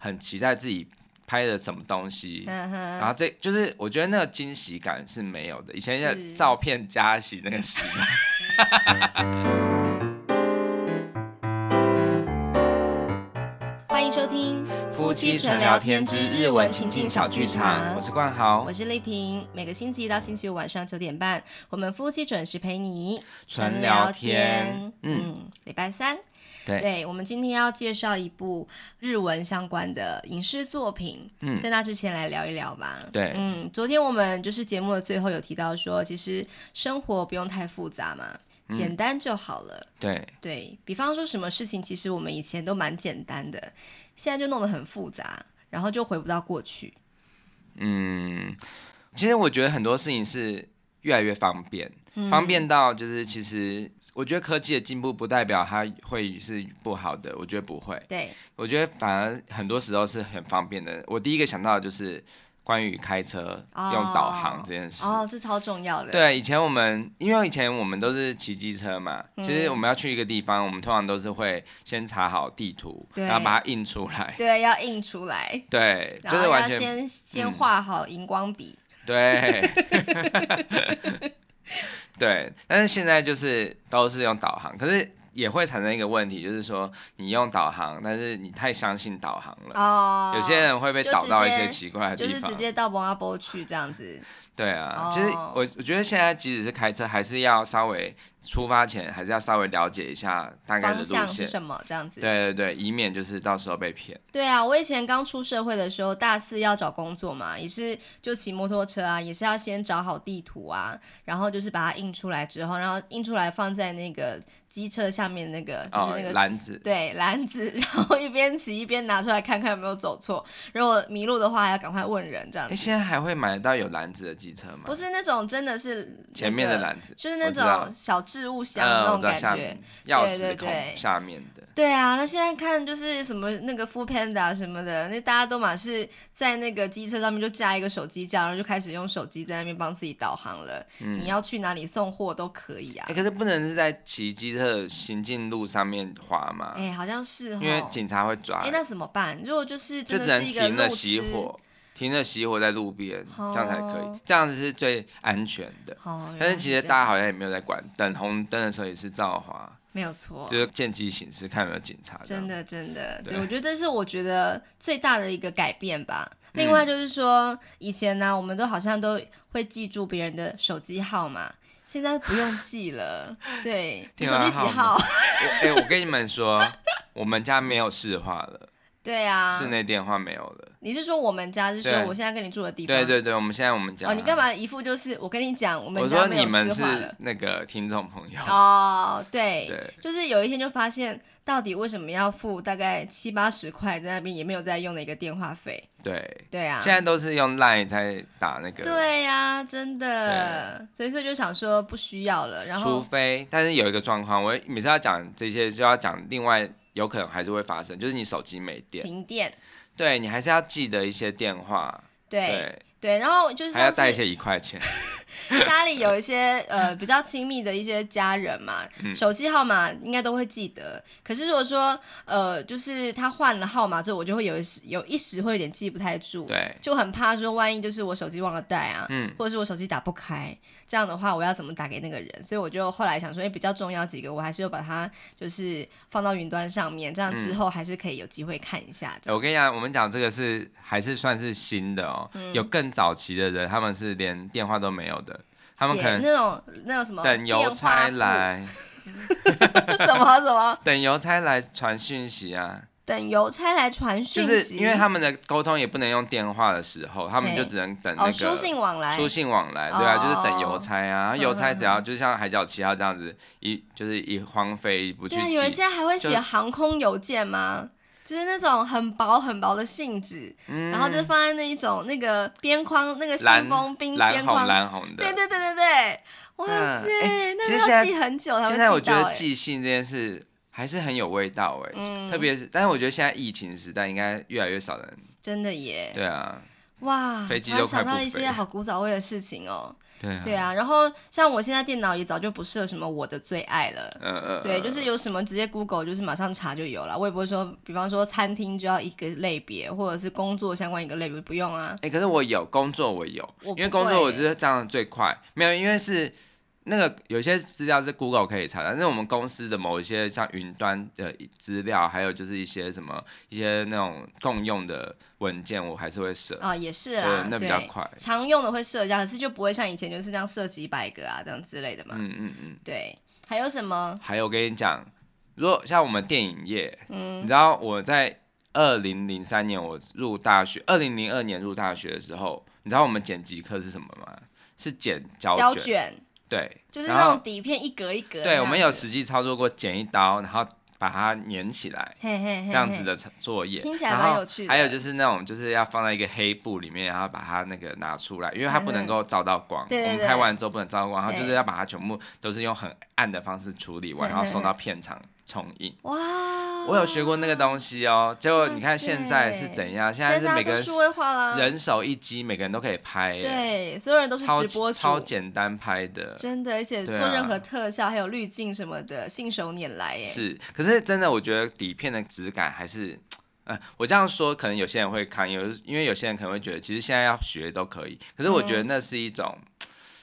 很期待自己拍的什麼東西，呵呵，然後這就是我覺得那個驚喜感是沒有的。以前照片加洗那個洗。是 歡迎收聽夫妻純聊天之日文情境小劇場。我是冠豪，我是麗萍。嗯、每個星期一到星期五晚上九點半，我們夫妻準時陪你純聊，純聊天。嗯，嗯，禮拜三。對，我們今天要介紹一部日文相關的影視作品。嗯，在那之前來聊一聊吧。對，嗯，昨天我們就是節目的最後有提到說，其實生活不用太複雜嘛，簡單就好了。嗯、對，對比方說什麼事情，其實我們以前都蠻簡單的，現在就弄得很複雜，然後就回不到過去。嗯，其實我覺得很多事情是越來越方便，嗯、方便到就是其實。我覺得科技的進步不代表它會是不好的，我覺得不會。對，我覺得反而很多時候是很方便的。我第一個想到的就是關於開車、哦、用導航這件事。哦，這超重要的。對，以前我們因為以前我們都是騎機車嘛，嗯、其實我們要去一個地方，我們通常都是會先查好地圖，對然後把它印出來。對，要印出來。對，然後要先、嗯、先畫好熒光筆。對。 對，但是現在就是都是用導航，可是也會產生一個問題，就是說你用導航，但是你太相信導航了，oh, 有些人會被導到一些奇怪的地方，就是直接到波阿波去這樣子。對啊，哦、其實我我覺得現在即使是開車，還是要稍微出發前還是要稍微了解一下大概的路線是什麼這樣子，對對，對，以免就是到時候被騙。對啊，我以前剛出社會的時候，大四要找工作嘛，也是就騎摩托車啊，也是要先找好地圖啊，然後就是把它印出來之後，然後印出來放在那個機車下面那個就是那個、哦、籃子，對籃子，然後一邊騎一邊拿出來看看有沒有走錯，如果 迷路的話，還要趕快問人這樣子。你、欸、現在還會買到有籃子的機？不是那種真的是、那個，前面的籃子，就是那種小置物箱的那種感覺，鑰、嗯、匙孔下面的。對啊，那現在看就是什麼那個 Foodpanda 什麼的，那大家都嘛是在那個機車上面就架一個手機架，然後就開始用手機在那邊幫自己導航了。嗯、你要去哪裡送貨都可以啊、欸。可是不能是在騎機車行進路上面滑嗎？哎、欸，好像是，因為警察會抓。哎、欸，那怎麼辦？如果就是，真的是一個路痴就只能停了熄火。停着熄火在路邊，這樣才可以，這樣子是最安全的。但是其實大家好像也沒有在管，等紅燈的時候也是照滑，沒有錯，就是見機行事，看有沒有警察。真的真的，對，我覺得這是我覺得最大的一個改變吧。另外就是說，以前呢，我們都好像都會記住別人的手機號碼，現在不用記了。對，你手機幾號？哎，我跟你們說，我們家沒有市話了。對啊，室內電話沒有了。你是說我們家是說我現在跟你住的地方？對，對對對，我們現在我們家。哦，你幹嘛一副就是我跟你講，我們家沒有電話了。那個聽眾朋友。哦，對。對。就是有一天就發現，到底為什麼要付大概七八十塊在那邊也沒有在用的一個電話費？對。對啊。現在都是用 Line 在打那個。對呀、啊，真的。對。所以說就想說不需要了，然後。除非，但是有一個狀況，我每次要講這些就要講另外。有可能還是會發生，就是你手機沒電，停電，對，你還是要記得一些電話，對。對對，然後就是，是還要帶一些一塊錢， 家裡有一些呃比較親密的一些家人嘛，嗯、手機號碼應該都會記得。可是如果說呃就是他換了號碼之後，我就會有一時，有一時會有點記不太住，對，就很怕說萬一就是我手機忘了帶啊，嗯、或者是我手機打不開，這樣的話我要怎麼打給那個人？所以我就後來想說，哎、欸，比較重要幾個，我還是有把它就是放到雲端上面，這樣之後還是可以有機會看一下。嗯、就我跟你講，我們講這個是還是算是新的哦，嗯、有更。早期的人，他們是連電話都沒有的，他們可能那種那種什麼等郵差來，什麼什麼等郵差來傳訊息啊，等郵差來傳訊息，因為他們的溝通也不能用電話的時候，他們就只能等那個書信往來，書信往來，對啊，就是等郵差啊，郵差只要就像海角七號這樣子，一就是一荒廢不去寄，對，有人現在還會寫航空郵件嗎？就是那種很薄很薄的信紙，然後就放在那一種那個邊框那個信封邊框藍紅的，對對對對對，哇塞！那個要寄很久，現在我覺得寄信這件事還是很有味道誒，特別是，但是我覺得現在疫情時代應該越來越少人真的耶，對啊，哇！飛機都快不飛了，想到一些好古早味的事情哦。對啊，對啊，然後像我現在電腦也早就不設什麼我的最愛了，嗯嗯，對，就是有什麼直接 Google，就是馬上查就有了，我也不會說，比方說餐廳就要一個類別，或者是工作相關一個類別，不用啊。哎、欸，可是我有工作，我有，我因為工作我覺得這樣最快，沒有，因為是。那個有些資料是 Google 可以查的，但是我們公司的某一些像雲端的資料，還有就是一些什麼一些那種共用的文件，我還是會設啊，也是啊，對，那比較快常用的會設一下，可是就不會像以前就是這樣設幾百個啊，這樣之類的嘛。嗯嗯嗯，嗯嗯對，還有什麼？還有我跟你講，如果像我們電影業，嗯，你知道我在二零零三年我入大學，二零零二年入大學的時候，你知道我們剪輯課是什麼嗎？是剪膠卷。膠卷對，就是那種底片，一格一格。對，我們有實際操作過，剪一刀，然後把它粘起來，嘿嘿嘿嘿這樣子的作業。聽起來還有趣。然後還有就是那種，就是要放在一個黑布裡面，然後把它那個拿出來，因為它不能夠照到光。對、嗯、哼我們拍完之後不能照到光，對對對，然後就是要把它全部都是用很暗的方式處理完，然後送到片場。嗯哼嗯沖印哇！我有學過那個東西哦、喔，結果你看現在是怎樣？啊、塞現在是每個人，人手一機，每個人都可以拍、欸，對，所有人都是直播主超，超簡單拍的，真的，而且做任何特效、啊、還有濾鏡什麼的，信手拈來哎、欸。是，可是真的，我覺得底片的質感還是、呃，我這樣說可能有些人會看，因為有些人可能會覺得，其實現在要學都可以，可是我覺得那是一種、嗯、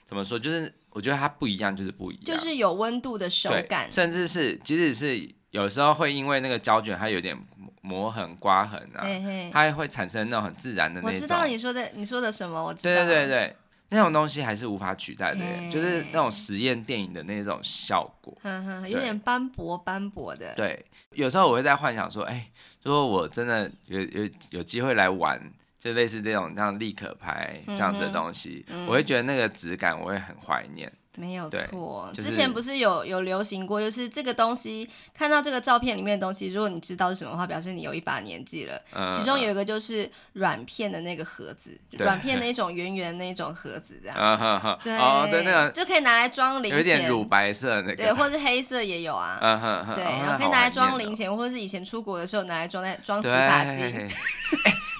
怎麼說，就是。我覺得它不一樣，就是不一樣，就是有溫度的手感，甚至是即使是有時候會因為那個膠卷它有點磨痕、刮痕啊，hey, hey, 它會產生那種很自然的那種。我知道你說的，你說的什麼？我知道，對,對對對，那種東西還是無法取代的，hey, 就是那種實驗電影的那種效果，呵呵，有點斑駁斑駁的對。對，有時候我會在幻想說，哎，如果我真的有有有機會來玩。就類似這種這樣立可拍這樣子的東西，我會覺得那個質感我會很懷念。沒有錯，之前不是有有流行過，就是這個東西，看到這個照片裡面的東西，如果你知道是什麼的話，表示你有一把年紀了。其中有一個就是軟片的那個盒子，軟片的那種圓圓的那種盒子，這樣。嗯對，哦就可以拿來裝零錢，有點乳白色的。對，或者黑色也有啊。嗯對，然後可以拿來裝零錢，或者是以前出國的時候拿來裝在裝洗髮精。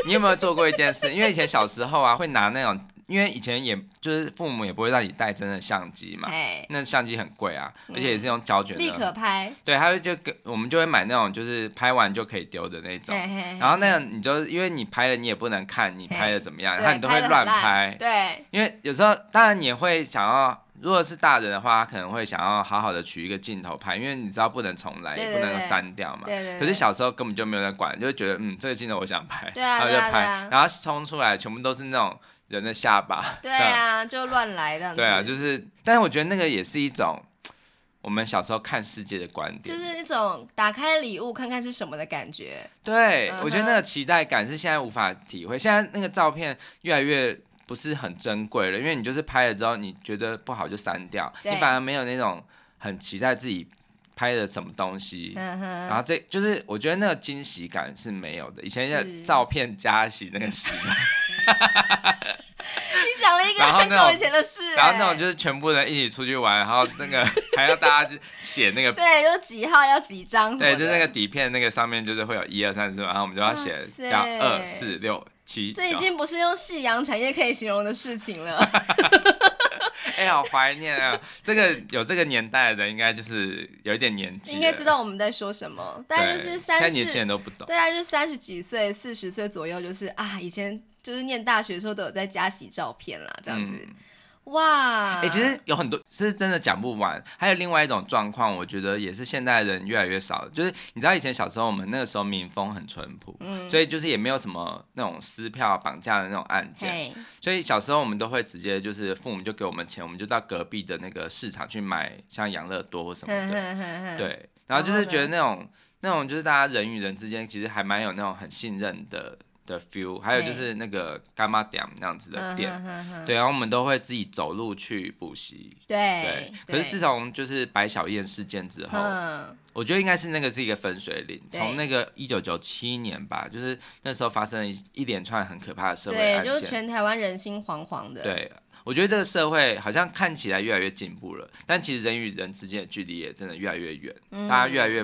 你有沒有做過一件事？因為以前小時候啊，會拿那種，因為以前也就是父母也不會讓你帶真的相機嘛，嘿那相機很貴啊，而且也是用膠卷的，嗯，立可拍，對，他就就我們就會買那種，就是拍完就可以丟的那種。嘿嘿嘿，然後那樣你就因為你拍了，你也不能看你拍的怎麼樣，嘿然後你都會亂拍，對拍，對，因為有時候當然你也會想要。如果是大人的話，他可能會想要好好的取一個鏡頭拍，因為你知道不能重來，也不能刪掉嘛。對對對。對對對。可是小時候根本就沒有人管，就覺得嗯，這個鏡頭我想拍，對啊，然後就拍，對啊、然後衝出來全部都是那種人的下巴。對啊，樣就亂來的對啊，就是，但是我覺得那個也是一種我們小時候看世界的觀點，就是那種打開禮物看看是什麼的感覺。對，嗯、哼我覺得那個期待感是現在無法體會，現在那個照片越來越。不是很珍貴了，因為你就是拍了之後，你覺得不好就刪掉，對你反而沒有那種很期待自己拍的什麼東西。嗯、哼然後這就是我覺得那個驚喜感是沒有的。以前的照片加洗那個洗，你講了一個，很久以前的事耶。然後那種就是全部人一起出去玩，然後那個還要大家就寫那個， 對，就幾號要幾張，對，就那個底片那個上面就是會有一二三四，然後我們就要寫要二四六。Oh say. 其這已經不是用夕陽產業可以形容的事情了。哎，好懷念啊！ 這個有這個年代的人，應該就是有一點年紀了，應該知道我們在說什麼。對大概就是三十，現在年輕人都不懂。大概就三十幾歲、四十歲左右，就是啊，以前就是念大學的時候都有在加洗照片啦，這樣子。嗯哇，哎、欸，其實有很多是真的講不完。還有另外一種狀況，我覺得也是現代人越來越少。就是你知道，以前小時候我們那個時候民風很淳樸，嗯、所以就是也沒有什麼那種撕票綁架的那種案件。嘿所以小時候我們都會直接就是父母就給我們錢，我們就到隔壁的那個市場去買像養樂多或什麼的。呵呵呵呵對，然後就是覺得那種、哦、的那種就是大家人與人之間其實還蠻有那種很信任的，的 feel，還有就是那個乾媽店那樣子的店，嗯、哼哼哼，對，然後我們都會自己走路去補習，對，對可是自從就是白曉燕事件之後，嗯、哼我覺得應該是那個是一個分水嶺，從對那個一九九七年吧，就是那時候發生了一連串很可怕的社會案件，對，就全台灣人心惶惶的，對，我覺得這個社會好像看起來越來越進步了，但其實人與人之間的距離也真的越來越遠，嗯、大家越來越。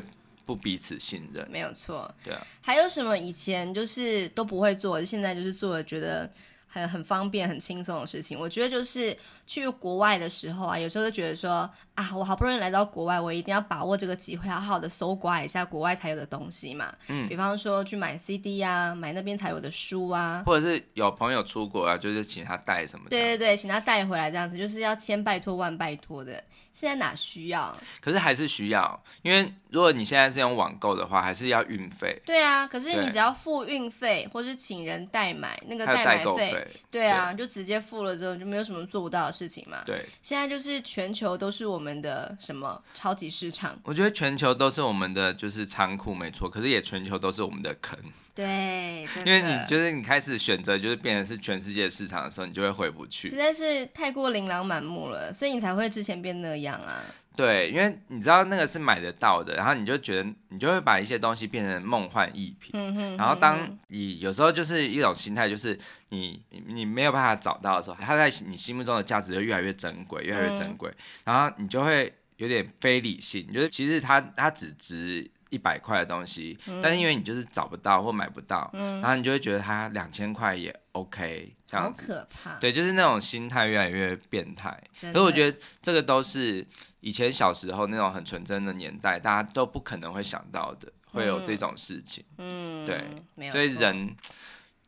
不彼此信任，沒有錯。對啊，還有什麼以前就是都不會做，現在就是做了覺得很很方便、很輕鬆的事情。我覺得就是去國外的時候啊，有時候就覺得說啊，我好不容易來到國外，我一定要把握這個機會，好好的搜刮一下國外才有的東西嘛。嗯，比方說去買 CD 啊，買那邊才有的書啊，或者是有朋友出國啊，就是請他帶什麼的。對對對，請他帶回來，這樣子就是要千拜託萬拜託的。現在哪需要？可是還是需要，因為如果你現在是用網購的話，還是要運費。對啊，可是你只要付運費，或是請人代買，對那個代購費。對啊，就直接付了之後，就沒有什麼做不到的事情嘛。對，現在就是全球都是我們的什麼超級市場。我覺得全球都是我們的，就是倉庫沒錯，可是也全球都是我們的坑。對，真的。因為你就是你開始選擇，就是變成是全世界市場的時候，你就會回不去。實在是太過琳琅滿目了，所以你才會之前變那樣啊。對，因為你知道那個是買得到的，然後你就覺得你就會把一些東西變成夢幻逸品。然後當你有時候就是一種心態，就是你你沒有辦法找到的時候，它在你心目中的價值就越來越珍貴，越來越珍貴。嗯、然後你就會有點非理性，就是其實它它只值。一百塊的東西，嗯、但是因為你就是找不到或買不到，嗯、然後你就會覺得它兩千塊也 OK，這樣子。好可怕。對，就是那種心態越來越變態。真的。所以我覺得這個都是以前小時候那種很純真的年代，大家都不可能會想到的，嗯、會有這種事情。嗯。對。沒有。所以人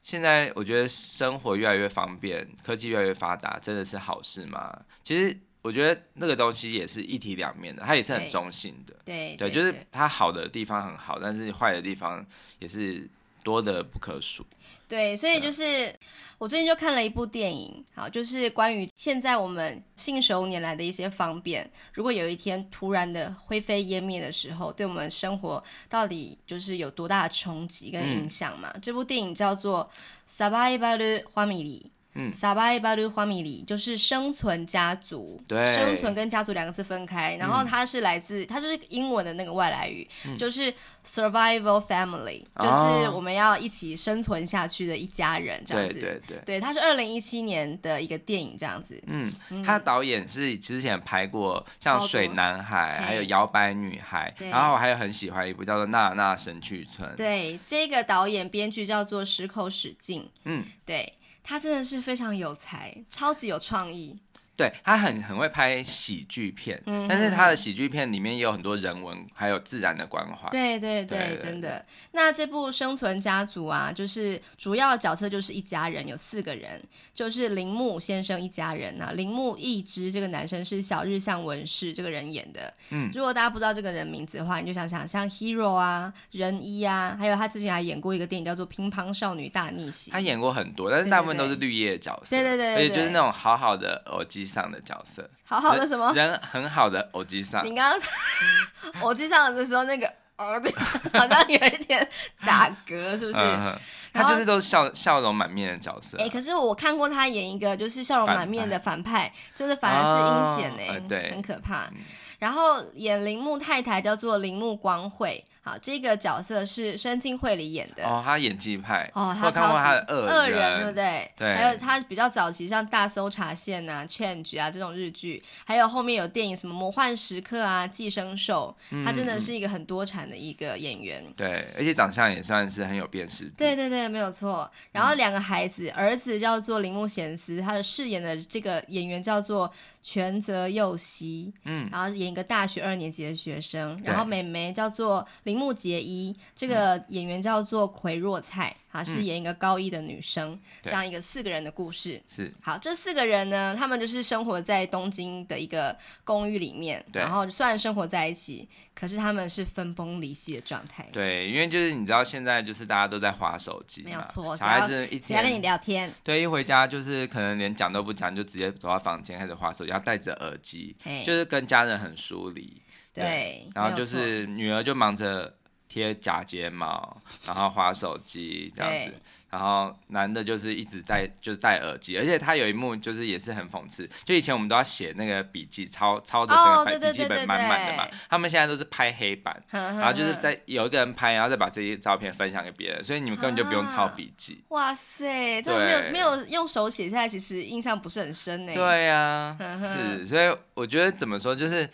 現在我覺得生活越來越方便，科技越來越發達，真的是好事嗎？其實。我覺得那個東西也是一體兩面的，它也是很中性的。對對、對、對，就是它好的地方很好，但是壞的地方也是多的不可數。對，所以就是、嗯、我最近就看了一部電影，好，就是關於現在我們信手拈來的一些方便，如果有一天突然的灰飛煙滅的時候，對我們生活到底就是有多大的衝擊跟影響嘛？嗯、這部電影叫做《サバイバルファミリー》。嗯サバイバルファミリー就是生存家族，對，生存跟家族兩個字分開，然後它是來自，它就是英文的那個外來語，就是 Survival Family，就是我們要一起生存下去的一家人這樣子。對對對，對，它是二零一七年的一個電影這樣子。嗯，他的導演是之前拍過像《水男孩》還有《搖擺女孩》，然後我還有很喜歡一部叫做《娜娜神去村》。對，這個導演編劇叫做矢口史靖。嗯，對。他真的是非常有才，超級有創意。對，他很很會拍喜劇片，嗯、哼但是他的喜劇片裡面也有很多人文還有自然的關懷。對對對，對對對真的。那這部《生存家族》啊，就是主要角色就是一家人，有四個人，就是鈴木先生一家人吶、啊。鈴木義之這個男生是小日向文世這個人演的。嗯，如果大家不知道這個人名字的話，你就想想像 Hero 啊、仁一啊，還有他之前還演過一個電影叫做《乒乓少女大逆襲》。他演過很多，但是大部分都是綠葉角色。對對，對對對，對，而且就是那種好好的耳機上的角色，好好的什麼人很好的おじさん，你剛剛おじさん的時候那個兒子好像有一點打嗝， 是不是？嗯、哼後他就是都是笑笑容滿面的角色，啊。哎、欸，可是我看過他演一個就是笑容滿面的反派，反派就是反而是陰險呢，哦、很可怕。嗯、然後演鈴木太太叫做鈴木光惠。好，這個角色是深津繪里演的。哦，他演技派。哦，他看過他的惡人、惡人，對不對？對。還有他比較早期像《大搜查線》啊、《Change》啊這種日劇，還有後面有電影什麼《魔幻時刻啊》啊、《寄生獸》，嗯嗯，他真的是一個很多產的一個演員。對，而且長相也算是很有辨識度。對對對，沒有錯。然後兩個孩子，嗯、兒子叫做鈴木賢司，他的飾演的這個演員叫做泉澤祐希，嗯，然後演一個大學二年級的學生，對然後妹妹叫做鈴木結衣，這個演員叫做葵若菜。啊，是演一個高一的女生，嗯、這樣一個四個人的故事。是，好，這四個人呢，他們就是生活在東京的一個公寓裡面。對。然後雖然生活在一起，可是他們是分崩離析的狀態。對，因為就是你知道，現在就是大家都在滑手機，沒有錯。小孩子一回家跟你聊天，對，一回家就是可能連講都不講，就直接走到房間開始滑手機，要戴着耳機，嘿就是跟家人很疏離。對。對，然後就是女兒就忙着。貼假睫毛，然後滑手機這樣子，對然後男的就是一直戴，就是戴耳機，而且他有一幕就是也是很諷刺，就以前我們都要寫那個筆記，抄抄的這個筆、oh, 對對對，記本滿滿的嘛，他們現在都是拍黑板，呵呵然後就是在有一個人拍，然後再把這些照片分享給別人，所以你們根本就不用抄筆記、啊。哇塞，都對沒有沒有用手寫下來，現在其實印象不是很深呢。對呀、啊，呵呵是，所以我覺得怎麼說，就是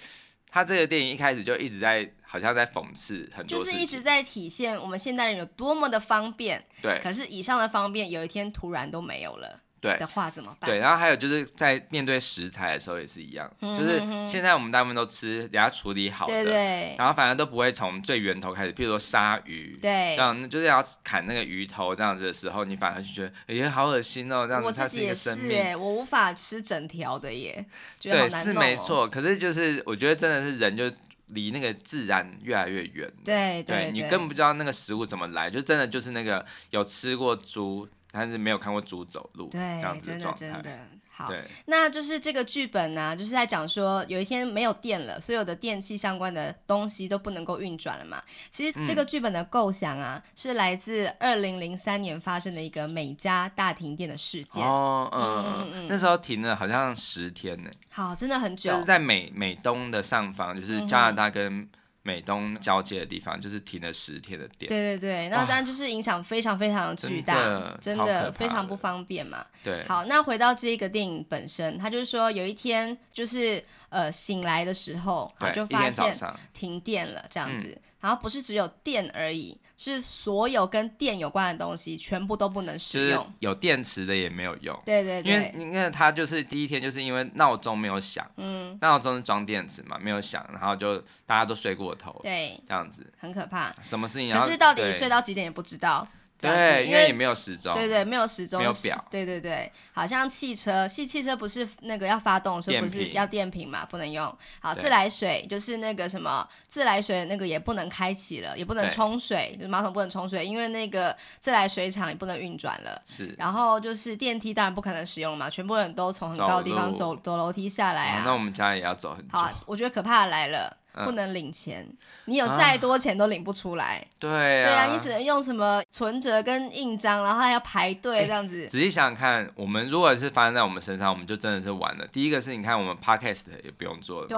他這個電影一開始就一直在。好像在諷刺很多，就是一直在體現我們現代人有多麼的方便。對。可是以上的方便，有一天突然都沒有了，對的話對怎麼辦？對。然後還有就是在面對食材的時候也是一樣，嗯、哼哼就是現在我們大部分都吃人家處理好的，對對。然後反而都不會從最源頭開始，譬如說鯊魚，對。這樣就是要砍那個魚頭這樣子的時候，你反而就覺得哎呀好噁心哦，這樣子自己是它是一個生命、欸，我無法吃整條的耶，對，哦、是沒錯。可是就是我覺得真的是人就。離那個自然越來越遠，對對，對對你更不知道那個食物怎麼來，就真的就是那個有吃過豬，但是沒有看過豬走路，對這樣子的狀態。真的真的好對那就是這個劇本呢、啊，就是在講說有一天沒有電了，所有的電器相關的東西都不能夠運轉了嘛。其實這個劇本的構想啊，嗯、是來自二零零三年發生的一個美加大停電的事件。哦、呃嗯，嗯，那時候停了好像十天呢。好，真的很久。就是在美美東的上方，就是加拿大跟、嗯。美東交界的地方，就是停了十天的電。對對對，那當然就是影響非常非常的巨大，真的，真的非常不方便嘛。對，好，那回到這一個電影本身，他就是說有一天，就是呃醒來的時候，他對就發現停電了，這樣子，然後不是只有電而已。嗯是所有跟電有關的東西全部都不能使用，就是有電池的也沒有用。對，對對，因為因為他就是第一天就是因為鬧鐘沒有響，嗯，鬧鐘是裝電池嘛，沒有響，然後就大家都睡過頭，對，這樣子很可怕。什麼事情要？可是到底睡到幾點也不知道。對對，因為，因為也沒有時鐘，對對，沒有時鐘，沒有錶，對對對。好像汽車，汽汽車不是那個要發動的時候不是要電瓶嘛，不能用。好，對自來水就是那個什麼自來水那個也不能開啟了，也不能沖水，對馬桶不能沖水，因為那個自來水廠也不能運轉了。是。然後就是電梯，當然不可能使用嘛，全部人都從很高的地方走走，路走樓梯下來啊，啊。那我們家也要走很多。好，我覺得可怕的來了。啊、不能領錢，你有再多錢都領不出來。啊、對啊，對啊，你只能用什麼存摺跟印章，然後還要排隊這樣子。欸、仔細想想看，我們如果是發生在我們身上，我們就真的是完了。第一個是，你看我們 podcast 也不用做了。對。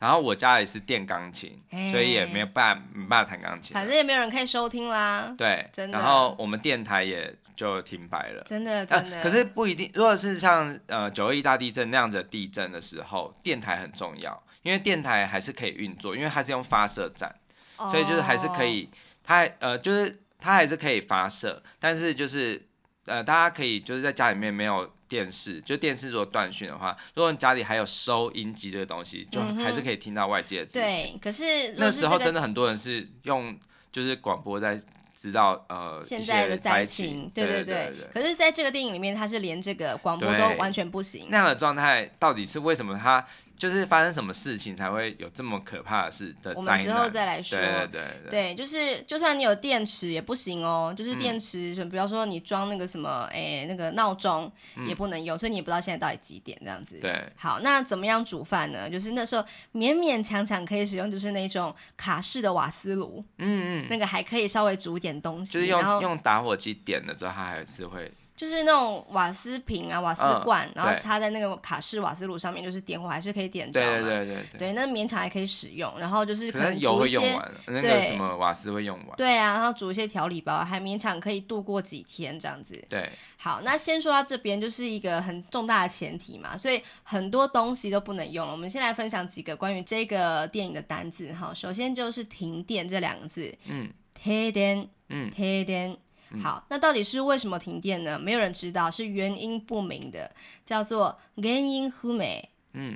然後我家也是電鋼琴，欸、所以也沒有辦法沒辦法彈鋼琴，反正也沒有人可以收聽啦。對，真的。然後我們電台也就停擺了真，真的真的、啊。可是不一定，如果是像呃九二一大地震那樣子的地震的時候，電台很重要。因為電台還是可以運作，因為它是用發射站，Oh. 所以就是還是可以，它呃就是它還是可以發射，但是就是呃大家可以就是在家裡面沒有電視，就電視如果斷訊的話，如果你家裡還有收音機這個東西，就還是可以聽到外界的。的、嗯。對，可是，是、這個、那時候真的很多人是用就是廣播在知道呃現在的災情，情，對對對，對，對。對對對，可是在這個電影裡面，他是連這個廣播都完全不行。那樣的狀態到底是為什麼？他。就是發生什麼事情才會有這麼可怕的事的災難？我們之後再來說。對對對對，對，就是就算你有電池也不行哦，就是電池，就、嗯、比方說你裝那個什麼，哎、欸，那個鬧鐘也不能用，嗯、所以你也不知道現在到底幾點這樣子。對，好，那怎麼樣煮飯呢？就是那時候勉勉強強可以使用，就是那種卡式的瓦斯爐，嗯嗯，那個還可以稍微煮點東西，就是用然後，用打火機點了之後，它還是會。就是那種瓦斯瓶啊，瓦斯罐，嗯、然後插在那個卡式瓦斯爐上面，就是點火對還是可以點着嘛，對對對對，對，對，那勉強還可以使用。然後就是可能煮一些，可是油會用完了，對。那個什麼瓦斯會用完了。對啊，然後煮一些調理包，還勉強可以度過幾天這樣子。對，好，那先說到這邊，就是一個很重大的前提嘛，所以很多東西都不能用了。我們先來分享幾個關於這個電影的單字哈。首先就是停電這兩個字，嗯，停，停電，嗯，停電。嗯、好，那到底是為什麼停電呢？沒有人知道，是原因不明的，叫做原因不明，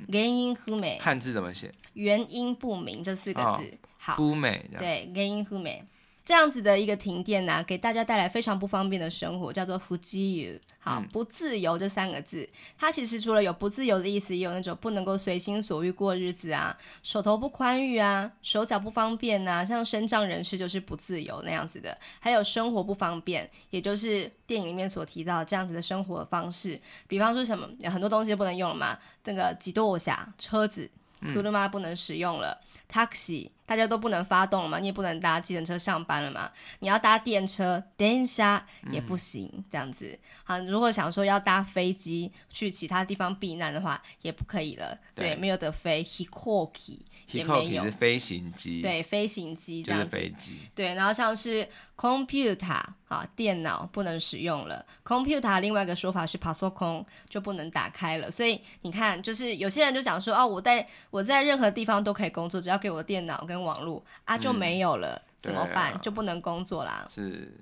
原因不明。漢字怎麼寫？原因不明，這四個字。哦、好，不明。對，原因不明。這樣子的一個停電吶、啊，給大家帶來非常不方便的生活，叫做“不自由”。好，不自由這三個字，嗯、它其實除了有不自由的意思，也有那種不能夠隨心所欲過日子啊，手頭不寬裕啊，手腳不方便吶、啊，像身障人士就是不自由那樣子的，還有生活不方便，也就是電影裡面所提到這樣子的生活的方式，比方說什麼有很多東西不能用了嘛，那個じどうしゃ車子。車不能使用了、嗯、taxi 大家都不能發動了嘛，你也不能搭機動車上班了嘛，你要搭電車，電車也不行，這樣子。嗯、好，如果想說要搭飛機去其他地方避難的話，也不可以了，對，對，沒有得飛，飛行機。p i c 是飛行機，對飛行機，就是飛機。對，然後像是 computer 啊，電腦不能使用了。computer 另外一個說法是パソコン就不能打開了，所以你看，就是有些人就講說，哦、啊，我在我在任何地方都可以工作，只要給我電腦跟網絡啊，就沒有了，嗯、怎麼辦？啊、就不能工作啦。是。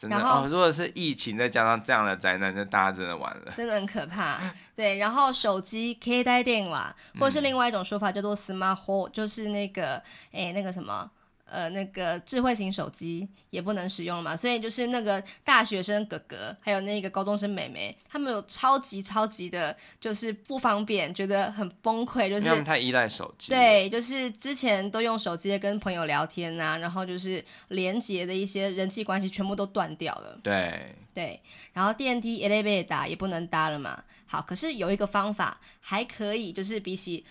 真的然後、哦，如果是疫情再加上這樣的災難，就大家真的完了，真的很可怕。對，然後手機携帯電話或是另外一種說法、嗯、叫做スマホ，就是那個，哎，那個什麼。呃，那個智慧型手機也不能使用了嘛，所以就是那個大學生哥哥，還有那個高中生妹妹，他們有超級超級的，就是不方便，覺得很崩潰，就是太依賴手機。對，就是之前都用手機跟朋友聊天啊，然後就是連接的一些人際關係全部都斷掉了。對對，然後電梯也 elevator 也不能搭了嘛。好，可是有一個方法還可以，就是比起。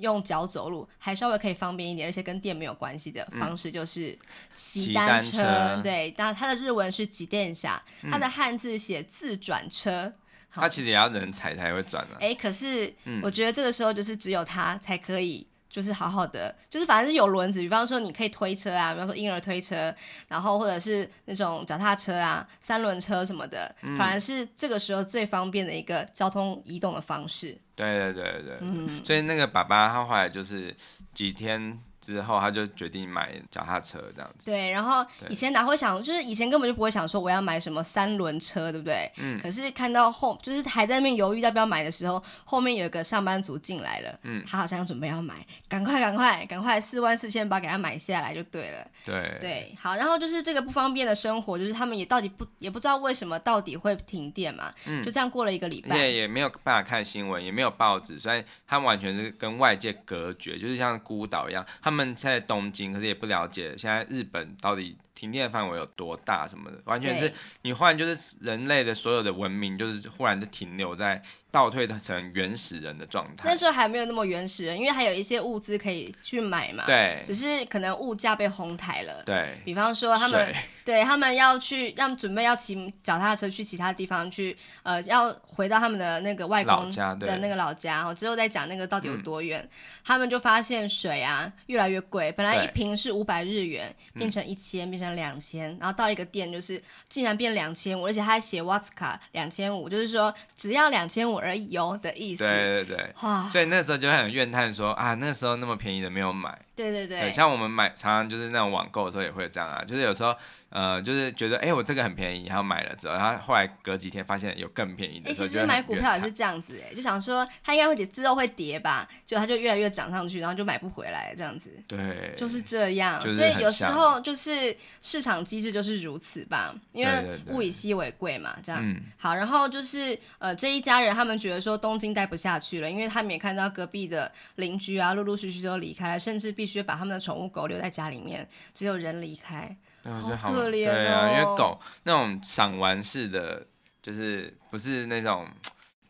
用腳走路還稍微可以方便一點，而且跟電沒有關係的方式就是騎單車。單車對，但他的日文是じてんしゃ，他的漢字寫自轉車。他、嗯、好其實也要人踩才會轉嘛、啊？哎、欸，可是我覺得這個時候就是只有他才可以。就是好好的，就是反正是有輪子，比方說你可以推車啊，比方說嬰兒推車，然後或者是那種腳踏車啊、三輪車什麼的，嗯、反而是這個時候最方便的一個交通移動的方式。對對對對對，嗯、所以那個爸爸他後來就是幾天。之後他就決定買腳踏車這樣子。對，然後以前哪會想，就是以前根本就不會想說我要買什麼三輪車，對不對？嗯。可是看到後，就是還在那邊猶豫要不要買的時候，後面有一個上班族進來了，嗯，他好像要準備要買，趕快趕快趕快，四萬四千八給他買下來就對了。對對，好，然後就是這個不方便的生活，就是他們也到底不也不知道為什麼到底會停電嘛，嗯，就這樣過了一個禮拜，對，也沒有辦法看新聞，也沒有報紙，所以他們完全是跟外界隔絕，就是像孤島一樣，他們。他們在東京，可是也不了解了現在日本到底停電範圍有多大什麼的，完全是對你忽然就是人類的所有的文明，就是忽然就停留在倒退的成原始人的狀態。那時候還沒有那麼原始人，因為還有一些物資可以去買嘛。對。只是可能物價被哄抬了。對。比方說他們，水對，他們要去，讓準備要騎腳踏車去其他地方去，呃，要回到他們的那個外公家的那個老家，老家之後再講那個到底有多遠。嗯、他們就發現水啊越來越貴，本來一瓶是五百日元，變成一千、嗯，變成。兩千，然後到一個店，就是竟然變兩千五，而且他還寫瓦茲卡兩千五，就是說只要兩千五而已哦的意思。對對對，哇所以那時候就很怨嘆說啊，那時候那麼便宜的沒有買。對對對，對，像我們買，常常就是那種網購的時候也會這樣啊，就是有時候，呃，就是覺得，哎、欸，我這個很便宜，然後買了之後，然後後來隔幾天發現有更便宜的。哎、欸，其實買股票也是這樣子、欸，哎，就想說它應該會跌，之後會跌吧，結果它就越來越漲上去，然後就買不回來這樣子。對，就是這樣。所以有時候就是市場機制就是如此吧，因為物以稀為貴嘛，這樣。對對對，好，然後就是，呃，這一家人他們覺得說東京待不下去了，因為他們也看到隔壁的鄰居啊，陸陸續續都離開了，甚至比必須把他們的寵物狗留在家裡面，只有人離開，哦、好可憐、哦。對啊，因為狗那種賞玩式的，就是不是那種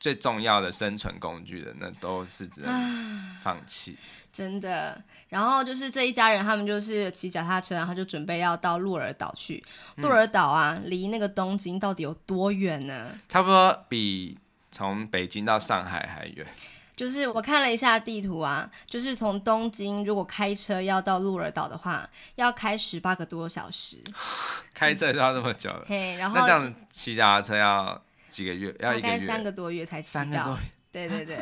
最重要的生存工具的，那都是只能放棄。真的。然後就是這一家人，他們就是騎腳踏車，然後就準備要到鹿兒島去。鹿兒島啊，離、嗯、那個東京到底有多遠呢？差不多比從北京到上海還遠。就是我看了一下地圖啊，就是從東京如果開車要到鹿兒島的話，要開十八個多小時， 開車都要那麼久了。嘿，然後那這樣騎腳踏車要幾個月？要一個月？大概三個多月才騎到。對對對，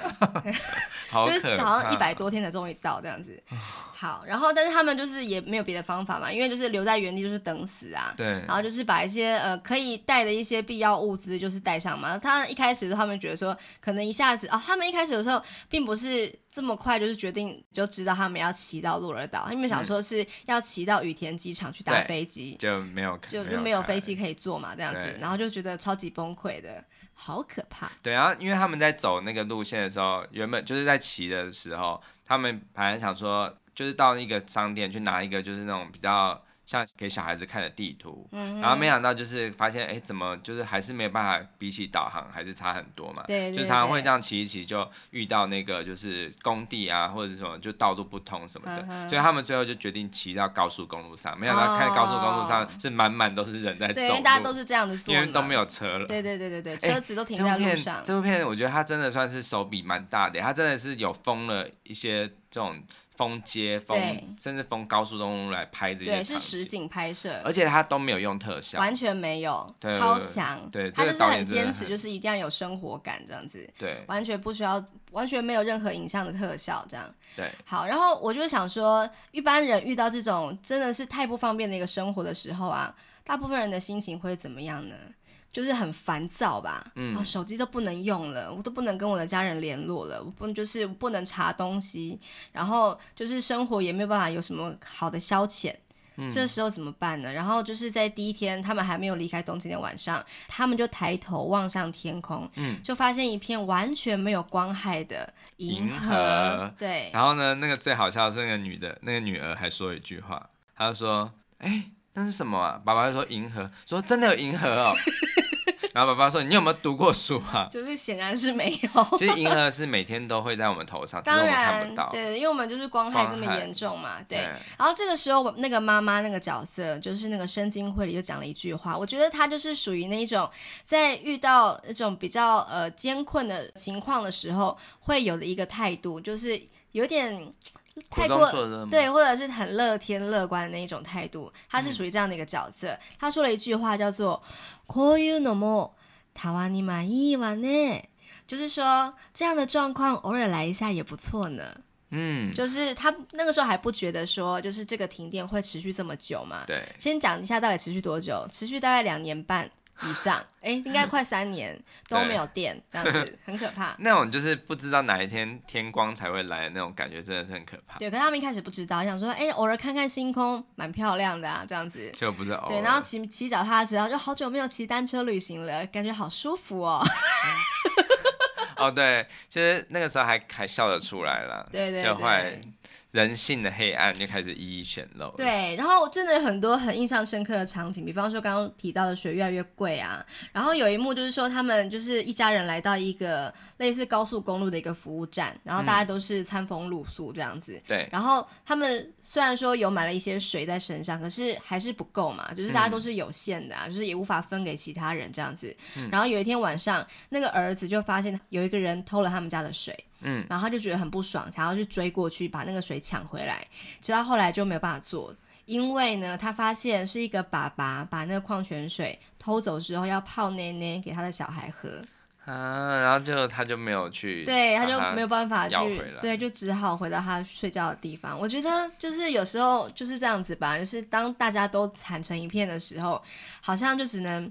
好怕 就是就好像一百多天才終於到這樣子。好，然後但是他們就是也沒有別的方法嘛，因為就是留在原地就是等死啊。對。然後就是把一些呃可以帶的一些必要物資就是帶上嘛。他一開始他們覺得說可能一下子啊、哦，他們一開始的時候並不是這麼快就是決定就知道他們要騎到鹿兒島，他們想說是要騎到羽田機場去搭飛機，就沒有就就沒有飛機可以坐嘛這樣子，對然後就覺得超級崩潰的。好可怕。對啊，因為他們在走那個路線的時候，原本就是在騎的時候，他們本來想說，就是到一個商店去拿一個，就是那種比較。像給小孩子看的地圖，嗯、哼然後沒想到就是發現，哎、欸，怎麼就是還是沒有辦法，比起導航還是差很多嘛。對，對，對。就常常會這樣騎一騎就遇到那個就是工地啊，或者是什麼就道路不通什麼的，嗯、哼所以他們最後就決定騎到高速公路上。哦、沒想到看高速公路上是滿滿都是人在走路。對，因為大家都是這樣子的走。因為都沒有車了。對對對對對。車子都停在路上。這部片我覺得它真的算是手筆蠻大的，它真的是有封了一些這種。封街封，對甚至封高速中來拍這些，對是實景拍攝，而且他都沒有用特效，完全沒有，超強，對，他強就是很堅持，就是一定要有生活感這樣子，對，完全不需要，完全沒有任何影像的特效這樣，對，好，然後我就想說，一般人遇到這種真的是太不方便的一個生活的時候啊，大部分人的心情會怎麼樣呢？就是很煩躁吧，嗯，手機都不能用了，我都不能跟我的家人聯絡了，我不能就是不能查東西，然後就是生活也沒有辦法有什麼好的消遣，嗯，這時候怎麼辦呢？然後就是在第一天他們還沒有離開東京的晚上，他們就抬頭望向天空，嗯，就發現一片完全沒有光害的銀河，銀河，對。然後呢，那個最好笑的是那個女的，那個女兒還說了一句話，她就說，哎，欸。那是什麼啊？爸爸說銀河，說真的有銀河哦。 然後爸爸說：“你有沒有讀過書啊？”就是顯然是沒有。 其實銀河是每天都會在我們頭上，當然只是我們看不到。對，因為我們就是光害這麼嚴重嘛。害對。對然後這個時候，那個媽媽那個角色，就是那個深津繪里就講了一句話，我覺得她就是屬於那一種，在遇到那種比較呃艱困的情況的時候，會有的一個態度，就是有點。太過，對，或者是很樂天樂觀的那一種態度，他是屬於這樣的一個角色。嗯、他說了一句話叫做「こういうのも、偶にはいいわね。」就是說這樣的狀況偶爾來一下也不錯呢。嗯，就是他那個時候還不覺得說，就是這個停電會持續這麼久嘛。對，先講一下到底持續多久，持續大概兩年半。以上，哎、欸，應該快三年都沒有電，了這樣子很可怕。 那種就是不知道哪一天天光才會來的那種感覺，真的是很可怕。對，可是他們一開始不知道，想說，哎、欸，偶爾看看星空，蠻漂亮的啊，這樣子。就不是偶爾。對，然後騎騎腳踏車，時候就好久沒有騎單車旅行了，感覺好舒服哦。 哦，對，其、就、實、是、那個時候還還笑得出來了，對，對對。就會。人性的黑暗就開始一一顯露。對，然後真的有很多很印象深刻的場景，比方說剛剛提到的水越來越貴啊。然後有一幕就是說，他們就是一家人來到一個類似高速公路的一個服務站，然後大家都是餐風露宿這樣子。對、嗯。然後他們雖然說有買了一些水在身上，可是還是不夠嘛，就是大家都是有限的，啊，嗯、就是也無法分給其他人這樣子。然後有一天晚上，那個兒子就發現有一個人偷了他們家的水。嗯，然後他就覺得很不爽，想要去追過去把那個水搶回來，直到後來就沒有辦法做，因為呢，他發現是一個爸爸把那個礦泉水偷走之後，要泡奶奶給他的小孩喝。啊，然後就他就沒有去，對，他就沒有辦法去，對，就只好回到他睡覺的地方。我覺得就是有時候就是這樣子吧，就是當大家都慘成一片的時候，好像就只能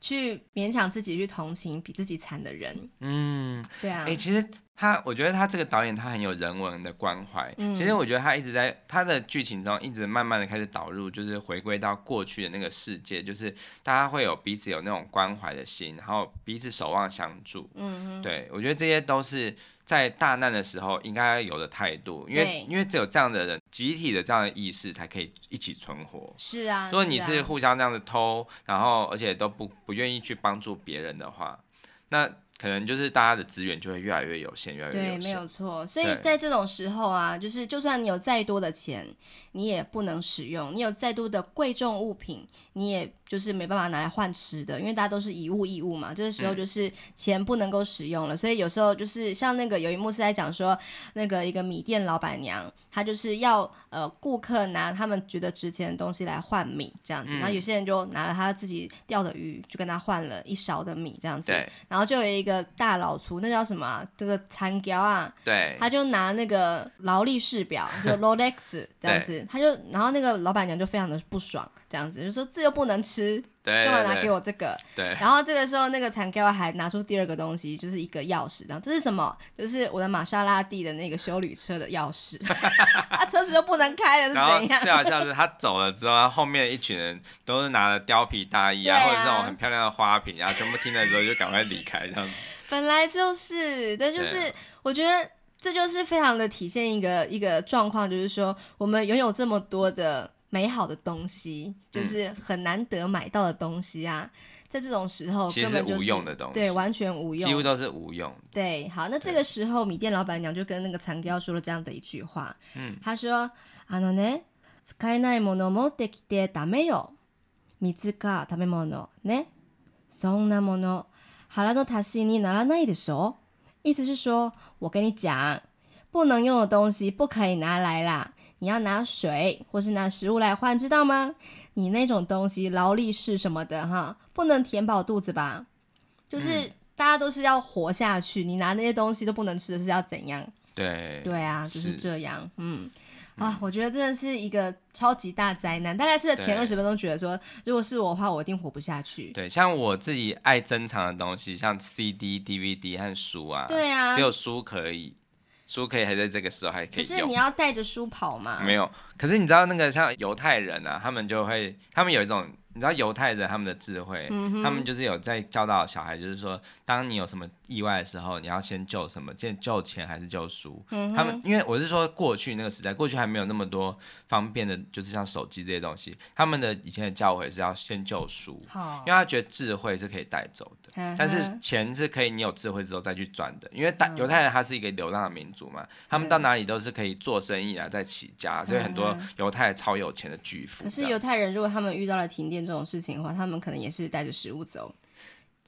去勉強自己去同情比自己慘的人。嗯，對啊，哎，欸，其實。他，我覺得他這個導演，他很有人文的關懷。嗯、哼其實我覺得他一直在他的劇情中，一直慢慢的開始導入，就是回歸到過去的那個世界，就是大家會有彼此有那種關懷的心，然後彼此守望相助。嗯哼對，我覺得這些都是在大難的時候應該有的態度，因為對因為只有這樣的人，集體的這樣的意識，才可以一起存活。是啊。是啊，如果你是互相這樣子偷，然後而且都不不願意去幫助別人的話，那。可能就是大家的資源就會越來越有限，越來越有限。對，沒有錯。所以在這種時候啊，對就是就算你有再多的錢，你也不能使用；你有再多的貴重物品，你也。就是沒辦法拿來換吃的，因為大家都是以物易物嘛。這個時候就是錢不能夠使用了，嗯、所以有時候就是像那個有一幕是在講說，那個一個米店老闆娘，她就是要呃顧客拿他們覺得值錢的東西來換米這樣子，嗯、然後有些人就拿了他自己釣的魚，就跟他換了一勺的米這樣子。對。然後就有一個大老粗，那叫什麼、啊？這個餐表啊。對。他就拿那個勞力士表，就 Rolex 這樣子，他 對就然後那個老闆娘就非常的不爽，這樣子就說，這又不能吃。吃幹嘛拿給我這個？對，對，對，對，然後這個時候那個殘教還拿出第二個東西，就是一個鑰匙，然後這是什麼？就是我的瑪莎拉蒂的那個休旅車的鑰匙，他、 啊、車子都不能開了是怎樣？然後接下來是，他走了之後，他後面一群人都是拿着貂皮大衣啊，啊或者那種很漂亮的花瓶啊，全部聽了之後就趕快離開這樣子。 本來就是，對，就是、啊、我覺得這就是非常的體現一個一個狀況，就是說我們擁有這麼多的。美好的東西，就是很難得買到的東西啊！嗯、在這種時候，其實根本、就是、無用的東西，對，完全無用的，幾乎都是無用的。對，好，那這個時候，對米店老闆娘就跟那個殘哥說了這樣的一句話，嗯、他說，あのね、使えない物持って來てダメよ、水か食べ物、ね？、そんなもの腹の足しにならないでしょう。意思是說，我跟你講，不能用的東西不可以拿來啦。你要拿水或是拿食物來換，知道嗎？你那種東西，勞力士什麼的，哈，不能填飽肚子吧？就是、嗯、大家都是要活下去，你拿那些東西都不能吃的是要怎樣？對對啊，就是這樣。是嗯、嗯啊，我覺得真的是一個超級大災難。嗯、大概是前二十分鐘覺得說，對如果是我的話，我一定活不下去。對，像我自己愛珍藏的東西，像 CD、DVD 和書啊，對啊，只有書可以。書可以還在這個時候還可以，可是你要帶着書跑嗎？沒有，可是你知道那個像猶太人啊，他們就會，他們有一種你知道猶太人他們的智慧，嗯、哼他們就是有在教導小孩，就是說，當你有什麼意外的時候，你要先救什麼？先救錢還是救書？嗯、哼他們因為我是說過去那個時代，過去還沒有那麼多方便的，就是像手機這些東西，他們的以前的教誨是要先救書，好因為他覺得智慧是可以帶走的。但是錢是可以你有智慧之後再去賺的，因為大猶、嗯、太人他是一個流浪的民族嘛，他們到哪裡都是可以做生意啊，再起家，嗯、所以很多猶太人超有錢的巨富。可是猶太人如果他們遇到了停電這種事情的話，他們可能也是帶着食物走。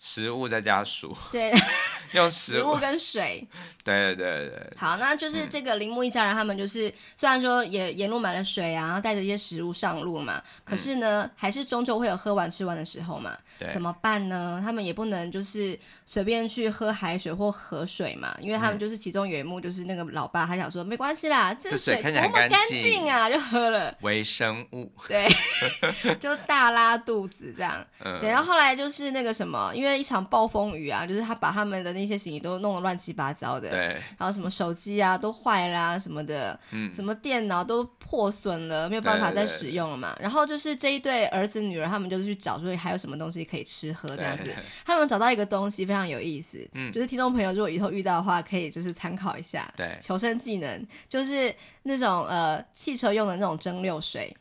食物再加水，對， 用食物，食物跟水，對對對，對，好，那就是這個鈴木一家人，他們就是雖然說也沿路買了水啊，然後帶着一些食物上路嘛，可是呢，還是終究會有喝完吃完的時候嘛。對 怎麼辦呢？他們也不能就是隨便去喝海水或河水嘛，因為他們就是其中有一幕，就是那個老爸他想說、嗯、沒關係啦，這是水多麼乾淨啊，就喝了。微生物。對， 就大拉肚子這樣。對，然後後來就是那個什麼，因為。因為一場暴風雨啊，就是他把他們的那些行李都弄得亂七八糟的，對。然後什麼手機啊都壞啦、啊，什麼的，嗯，什麼電腦都破損了，沒有辦法再使用了嘛。對對對對。然後就是這一對兒子女兒，他們就是去找，所以還有什麼東西可以吃喝對這樣子。他們找到一個東西非常有意思，嗯，就是聽眾朋友如果以後遇到的話，可以就是參考一下，對，求生技能就是那種呃汽車用的那種蒸餾水。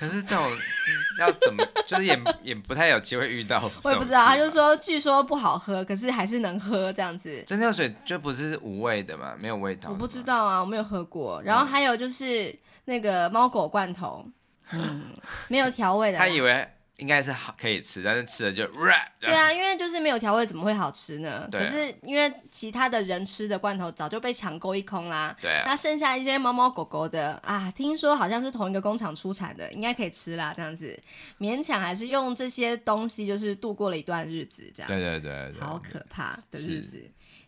可是這種要怎麼， 就是也也不太有機會遇到。我也不知道，他就說，據說不好喝，可是還是能喝這樣子。蒸餾水就不是無味的嘛，沒有味道。我不知道啊，我沒有喝過。然後還有就是那個貓狗罐頭，嗯，嗯，沒有調味的。 他以為。應該是好可以吃，但是吃了就，對啊，因為就是沒有調味怎麼會好吃呢？對啊、可是因為其他的人吃的罐頭早就被搶購一空啦。對、啊，那剩下一些貓貓狗狗的啊，聽說好像是同一個工廠出產的，應該可以吃啦。這樣子勉強還是用這些東西就是度過了一段日子，這樣。對對，對對對，好可怕的日子。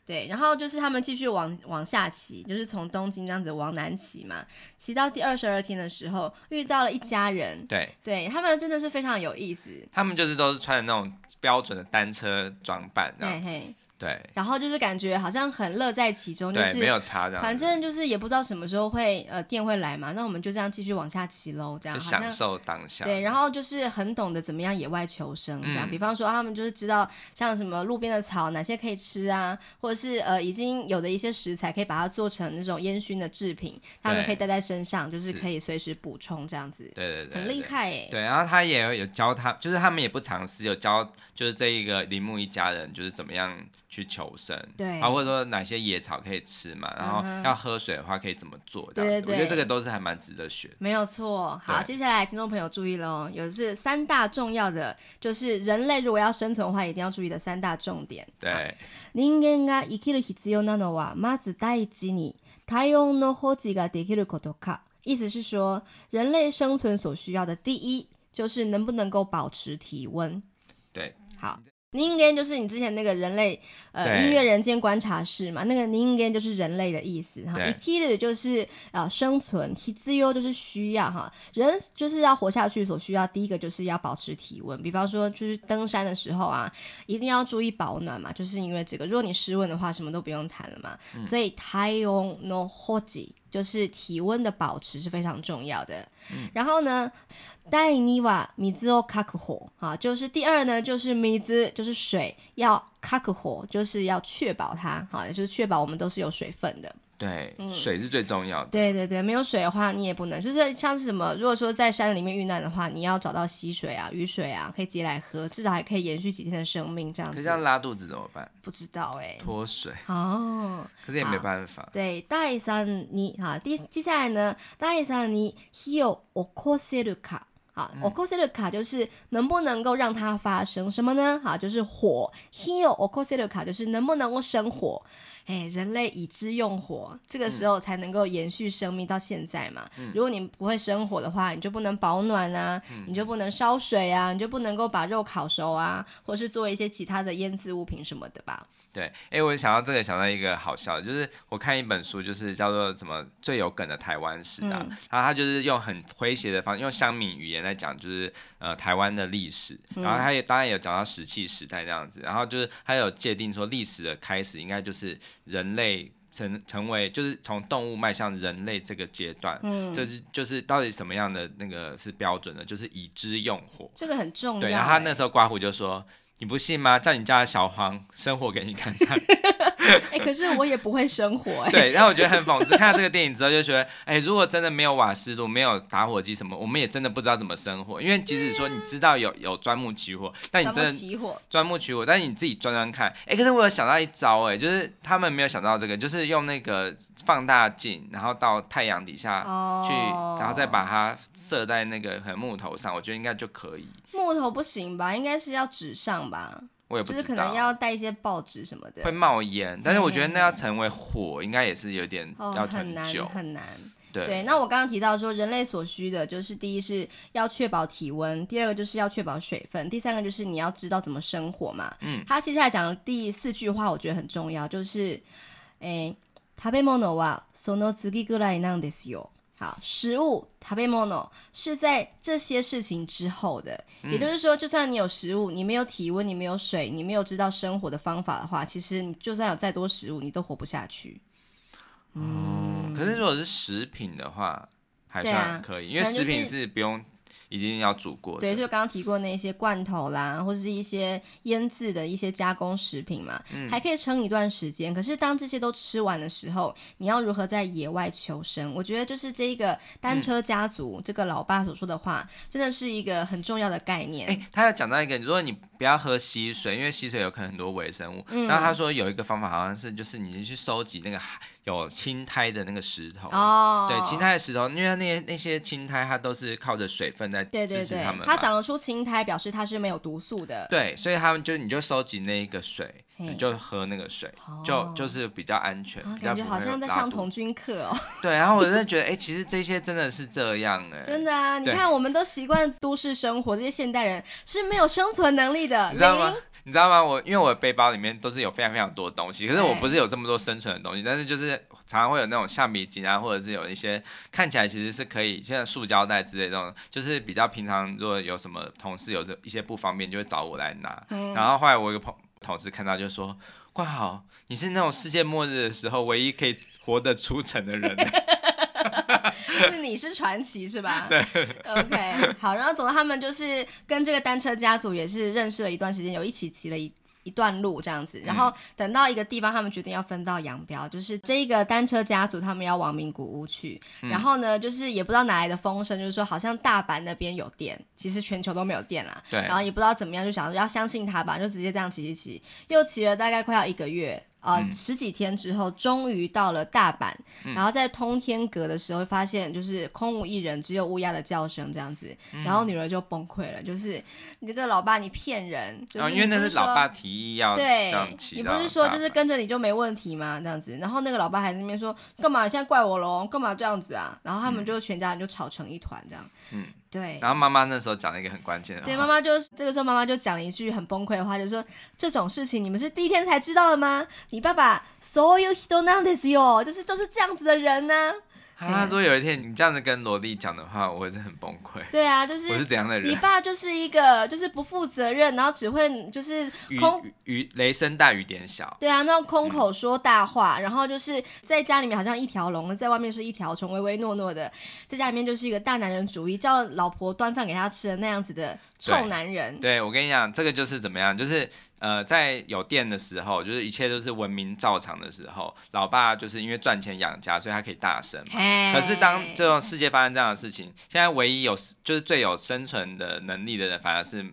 對，然後就是他們繼續往往下騎，就是從東京這樣子往南騎嘛，騎到第二十二天的時候，遇到了一家人，對，對他們真的是非常有意思，他們就是都是穿的那種標準的單車裝扮這樣子。嘿嘿對，然後就是感覺好像很樂在其中，對就是沒有差，反正就是也不知道什麼時候會呃電會來嘛，那我們就這樣繼續往下騎嘍，這樣享受當下。像對，然後就是很懂得怎麼樣野外求生，嗯、這樣，比方說、啊、他們就是知道像什麼路邊的草哪些可以吃啊，或者是呃已經有的一些食材可以把它做成那種煙燻的制品，他們可以帶在身上，對就是可以隨時補充這樣子，對對對，對，很厲害、欸。對，然後他也有，有教他，就是他們也不嘗試有教就是這一個鈴木一家人就是怎麼樣。去求生，對、啊，或者說哪些野草可以吃嘛，然後要喝水的話可以怎麼做這樣子、uh huh？對，對，對，我覺得這個都是還蠻值得學。沒有錯，好，對接下來聽眾朋友注意嘍，有是三大重要的，就是人類如果要生存的話，一定要注意的三大重點。對，人間が生きる必要なのは、まず第一に體溫の保持ができることか，意思是說人類生存所需要的第一就是能不能夠保持體溫。對，好。人間就是你之前那個人類，呃，對音樂人間觀察室嘛，那個人間就是人類的意思哈。生きる就是啊，生存必要就是需要哈，人就是要活下去所需要，第一個就是要保持體溫，比方說就是登山的時候啊，一定要注意保暖嘛，就是因為這個，如果你失溫的話，什麼都不用談了嘛。嗯、所以體溫の保持就是體溫的保持是非常重要的。嗯、然後呢？第二は水を確保，啊就是、第二呢，就是水，就是水要確保，就是要確保它，好、啊，也就是確保我們都是有水分的。對，嗯、水是最重要的。對對對，沒有水的話，你也不能，就是像是什麼，如果說在山裡面遇難的話，你要找到溪水啊、雨水啊，可以直接來喝，至少還可以延續幾天的生命這樣子。可是這樣拉肚子怎麼辦？不知道哎、欸。脫水哦，oh, 啊、可是也沒辦法。啊、對，第三に哈，第接下來呢，第三呢，火を起こせるか。好，起こせるか、嗯、就是能不能夠讓它發生什麼呢？好，就是火，火を起こせるか，就是能不能夠生火？哎、欸，人類已知用火，這個時候才能夠延續生命到現在嘛。嗯、如果你不會生火的話，你就不能保暖啊，嗯、你就不能燒水啊，你就不能夠把肉烤熟啊，或是做一些其他的醃製物品什麼的吧。對，哎、欸，我想到這個，想到一個好笑的，就是我看一本書，就是叫做什麼最有梗的台灣史的啊，嗯、然後他就是用很詼諧的方式，用鄉民語言。在講就是呃台灣的歷史，嗯、然後他也當然也有講到石器時代這樣子，然後就是他有界定說歷史的開始應該就是人類成成為就是從動物邁向人類這個階段，嗯，就是就是到底什麼樣的那個是標準的，就是已知用火，這個很重要、欸。對，然後他那時候刮鬍就說，你不信嗎？叫你家的小黃生火給你看看。 哎、欸，可是我也不會生火哎、欸。 對，然後我覺得很諷刺，看到這個電影之後就覺得，哎、 欸，如果真的沒有瓦斯爐、沒有打火機什麼，我們也真的不知道怎麼生火。因為即使說你知道有有鑽木取火，但你真的鑽木取火，但你自己鑽鑽看。哎、欸，可是我有想到一招哎、欸，就是他們沒有想到這個，就是用那個放大鏡，然後到太陽底下去，然後再把它射在那個木頭上，我覺得應該就可以。木頭不行吧？應該是要紙上吧？就是可能要帶一些報紙什麼的，會冒煙，但是我覺得那要成為火，對應該也是有點要很久，oh, 很難，很難。對，對，那我剛剛提到說，人類所需的就是第一是要確保體溫，第二個就是要確保水分，第三個就是你要知道怎麼生火嘛。嗯，他接下來講的第四句話我覺得很重要，就是誒，食べ物はその次ぐらいなんですよ食物，食べ物，是在這些事情之後的，嗯、也就是說，就算你有食物，你沒有體溫，你沒有水，你沒有知道生活的方法的話，其實你就算有再多食物，你都活不下去。嗯，可是如果是食品的話，還算可以，啊、因為食品是不用。一定要煮過，對，就對剛剛提過那些罐頭啦，或者是一些醃製的一些加工食品嘛，嗯、還可以撐一段時間。可是當這些都吃完的時候，你要如何在野外求生？我覺得就是這一個單車家族、嗯、這個老爸所說的話，真的是一個很重要的概念。欸，他要講到一個，如果你不要喝溪水，因為溪水有可能很多微生物。然後、嗯、他說有一個方法，好像是就是你去收集那個海。有青苔的那個石頭哦，oh. 對，青苔的石頭，因為那些那些青苔，它都是靠着水分在支持對對它它長得出青苔，表示它是沒有毒素的。對，所以他們就你就收集那一個水，Hey. 你就喝那個水，oh. 就就是比較安全。Oh. 比較感覺好像在上《童軍課》哦。對，然後我真的覺得，哎、欸，其實這些真的是這樣哎、欸， 真的啊！你看，我們都習慣都市生活，這些現代人是沒有生存能力的，人。 你知道嗎？我因為我的背包裡面都是有非常非常多東西，可是我不是有這麼多生存的東西，對但是就是常常會有那種橡皮筋啊，或者是有一些看起來其實是可以，現在塑膠袋之類的這種，就是比較平常。如果有什麼同事有一些不方便，就會找我來拿。嗯、然後後來我一個朋同事看到就說：“關好，你是那種世界末日的時候唯一可以活得出城的人。” 你是傳奇是吧？對 ，OK，好。然後走到他們就是跟這個單車家族也是認識了一段時間，有一起騎了一一段路這樣子。然後等到一個地方，他們決定要分道揚鑣，就是這一個單車家族他們要往名古屋去。然後呢，就是也不知道哪來的風聲，就是說好像大阪那邊有電，其實全球都沒有電啦。對。然後也不知道怎麼樣，就想要相信他吧，就直接這樣騎一騎，又騎了大概快要一個月。呃，嗯、十幾天之後，終於到了大阪，嗯、然後在通天閣的時候，發現就是空無一人，只有烏鴉的叫聲這樣子，嗯、然後女兒就崩潰了，就是你這、那個老爸你騙人、就是你哦，因為那是老爸提議要對，你不是說就是跟着你就沒問題嗎？這樣子，然後那個老爸還在那邊說，幹嘛現在怪我嘍？幹嘛這樣子啊？然後他們就全家人就吵成一團這樣，嗯，對。然後媽媽那時候講了一個很關鍵的，對，媽媽就這個時候媽媽就講了一句很崩潰的話，就是說這種事情你們是第一天才知道的嗎？你爸爸そういう人なんですよ，就是都，就是這樣子的人呢，啊啊。他說有一天你這樣子跟羅莉講的話，我是很崩潰。對啊，就是，是你爸就是一個就是不負責任，然後只會就是空雨，雨雷聲大雨點小。對啊，那種、個、空口說大話，嗯，然後就是在家裡面好像一條龍，在外面是一條蟲，唯唯諾諾的，在家裡面就是一個大男人主義，叫老婆端飯給他吃的那樣子的臭男人。對，對，我跟你講，這個就是怎麼樣，就是。呃，在有電的時候，就是一切都是文明照常的時候，老爸就是因為賺錢養家，所以他可以大聲。可是當這種世界發生這樣的事情，現在唯一有，就是最有生存的能力的人，反而是。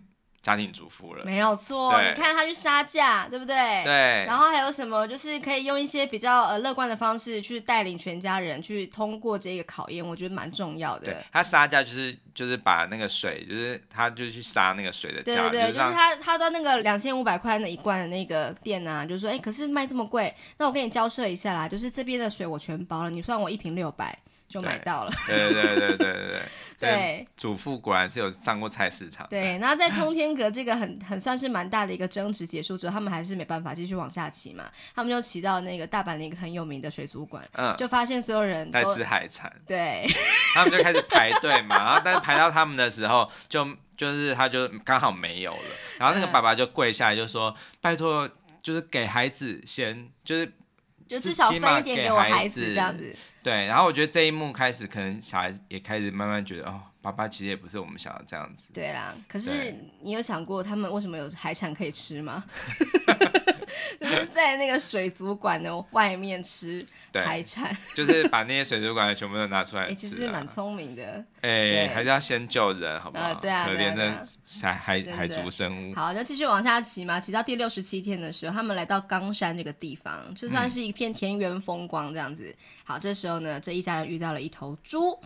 家庭主婦了，沒有錯。對你看他去殺價，對不對？對。然後還有什麼，就是可以用一些比較呃樂觀的方式去帶領全家人去通過這個考驗，我覺得蠻重要的。對。他殺價就是，就是把那個水，就是他就去殺那個水的價，就是他他到那個兩千五百塊那一罐、的那個店啊，就是說哎、欸，可是賣這麼貴，那我跟你交涉一下啦，就是這邊的水我全包了，你算我一瓶六百。就買到了，對對對對對對對。主婦 對果然是有上過菜市場。對，那在通天閣這個很很算是蠻大的一個爭執結束之後，他們還是沒辦法繼續往下騎嘛，他們就騎到那個大阪的一個很有名的水族館，嗯，就發現所有人都在吃海產，對，他們就開始排隊嘛， 然後但是排到他們的時候，就就是他就剛好沒有了，然後那個爸爸就跪下來就說：“嗯、拜託，就是給孩子先就是。”就至少分一點給我孩，孩，孩子這樣子，對。然後我覺得這一幕開始，可能小孩也開始慢慢覺得，哦，爸爸其實也不是我們想要這樣子。對啦，對可是你有想過他們為什麼有海產可以吃嗎？ 就是在那個水族館的外面吃海產， 就是把那些水族館的全部都拿出來吃，啊欸，其實蠻聰明的。哎、欸，對還是要先救人，好不好？可憐的海海海族生物。好，就繼續往下騎嘛，騎到第六十七天的時候，他們來到岡山這個地方，就算是一片田園風光這樣子。嗯、好，這時候呢，這一家人遇到了一頭豬。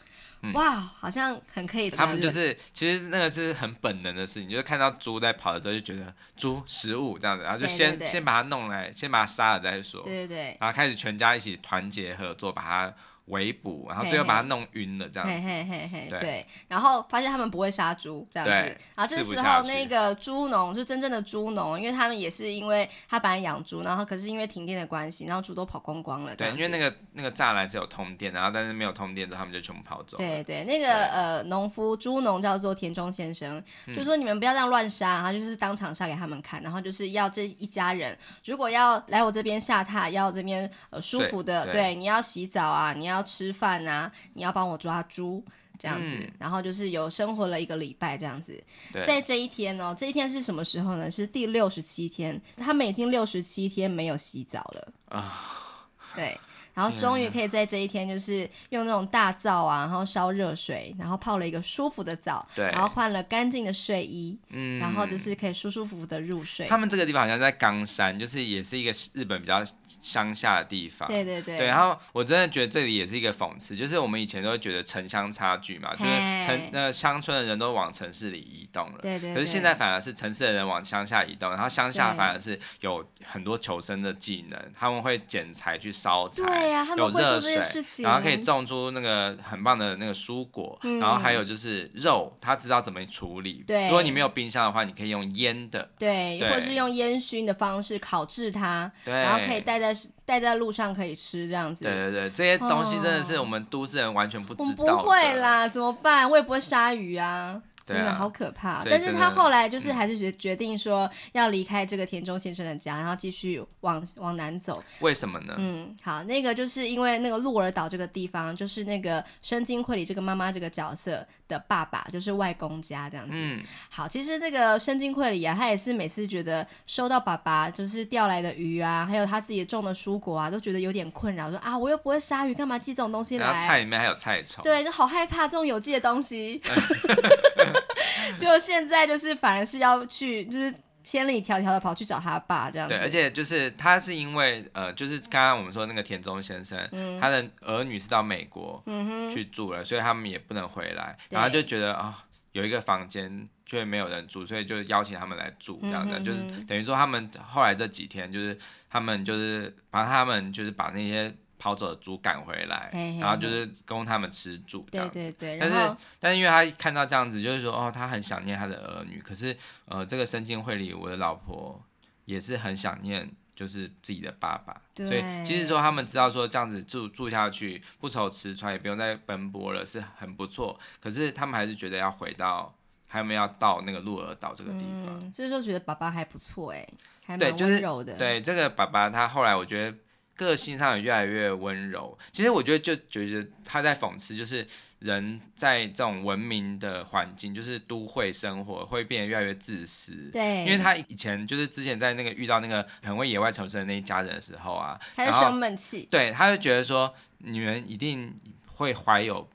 哇，嗯、wow，好像很可以吃他們就是，其實那個是很本能的事情，就是看到豬在跑的時候，就覺得豬食物這樣子，然後就先對對對，先把它弄來，先把它殺了再說。對對對。然後開始全家一起團結合作，把它。圍捕，然後最後把它弄暈了，這樣子。嘿嘿嘿嘿，對。然後發現他們不會殺豬，這樣子。對。然後這時候那個豬農，就真正的豬農，因為他們也是因為他本來養豬，然後可是因為停電的關係，然後豬都跑光光了。對，因為那個那個柵欄是有通電，然後但是沒有通電，之後他們就全部跑走。對對，那個呃，農夫豬農叫做田中先生，就說你們不要這樣亂殺，他就是當場殺給他們看，然後就是要這一家人，如果要來我這邊下榻，要這邊呃舒服的，對，你要洗澡啊，你要。要吃飯啊！你要幫我抓豬這樣子，嗯，然後就是有生活了一個禮拜這樣子。對在這一天呢，哦，這一天是什麼時候呢？是第六十七天，他們已經六十七天沒有洗澡了，啊，對。然後終於可以在這一天，就是用那種大灶啊，然後燒熱水，然後泡了一個舒服的澡，對，然後換了乾淨的睡衣，嗯，然後就是可以舒舒服服的入睡。他們這個地方好像在岡山，就是也是一個日本比較鄉下的地方。對對對。對，然後我真的覺得這裡也是一個諷刺，就是我們以前都會覺得城鄉差距嘛，嘿就是城那鄉村的人都往城市裡移動了，對，對對。可是現在反而是城市的人往鄉下移動，然後鄉下反而是有很多求生的技能，他們會撿柴去燒柴。對呀，他們有熱水，然後可以種出那個很棒的那個蔬果，嗯、然後還有就是肉，他知道怎麼處理。對，如果你沒有冰箱的話，你可以用醃的，對，對或者是用煙燻的方式烤制它，對，然後可以帶在帶在路上可以吃這樣子。對對對，這些東西真的是我們都市人完全不知道。哦、我不會啦，怎麼辦？我也不會殺魚啊。真的好可怕，啊、但是他後來就是還是決決定說要離開這個田中先生的家，嗯、然後繼續往往南走。為什麼呢？嗯，好，那個就是因為那個鹿兒島這個地方，就是那個深津繪里這個媽媽這個角色，的爸爸就是外公家這樣子，嗯、好，其實這個深津繪里啊，他也是每次覺得收到爸爸就是釣來的魚啊，還有他自己種的蔬果啊，都覺得有點困擾，說啊，我又不會殺魚，幹嘛寄這種東西來？然後菜裡面還有菜蟲，對，就好害怕這種有機的東西。 就現在就是反而是要去，就是。千里迢迢的跑去找他爸，這樣子。對，而且就是他是因為呃，就是剛剛我們說那個田中先生，嗯、他的兒女是到美國去住了，嗯、哼所以他們也不能回來，對然後就覺得啊、哦，有一個房間卻沒有人住，所以就邀請他們來住，這樣子，嗯、哼就是等於說他們後來這幾天，就是他們就是，他們就是把他們就是把那些。跑走的豬趕回來，嘿嘿嘿，然後就是供他們吃住，這樣子。對對對，但是，後但是因為他看到這樣子，就是說，哦，他很想念他的兒女。可是，呃，這個深津繪里，我的老婆也是很想念，就是自己的爸爸。對所以，即使說他們知道說這樣子住住下去，不愁吃穿，也不用再奔波了，是很不錯。可是，他們還是覺得要回到，他們要到那個鹿兒島這個地方。就是說覺得爸爸還不錯、欸，哎，還蠻溫柔的，對，就是對這個爸爸，他後來我覺得。個性上也越來越溫柔。其實我覺得，就覺得他在諷刺，就是人在這種文明的環境，就是都會生活，會變得越來越自私。對，因為他以前就是之前在那個遇到那個很會野外求生的那一家人的時候啊，他就生悶氣。對，他就覺得說，你們一定會懷有。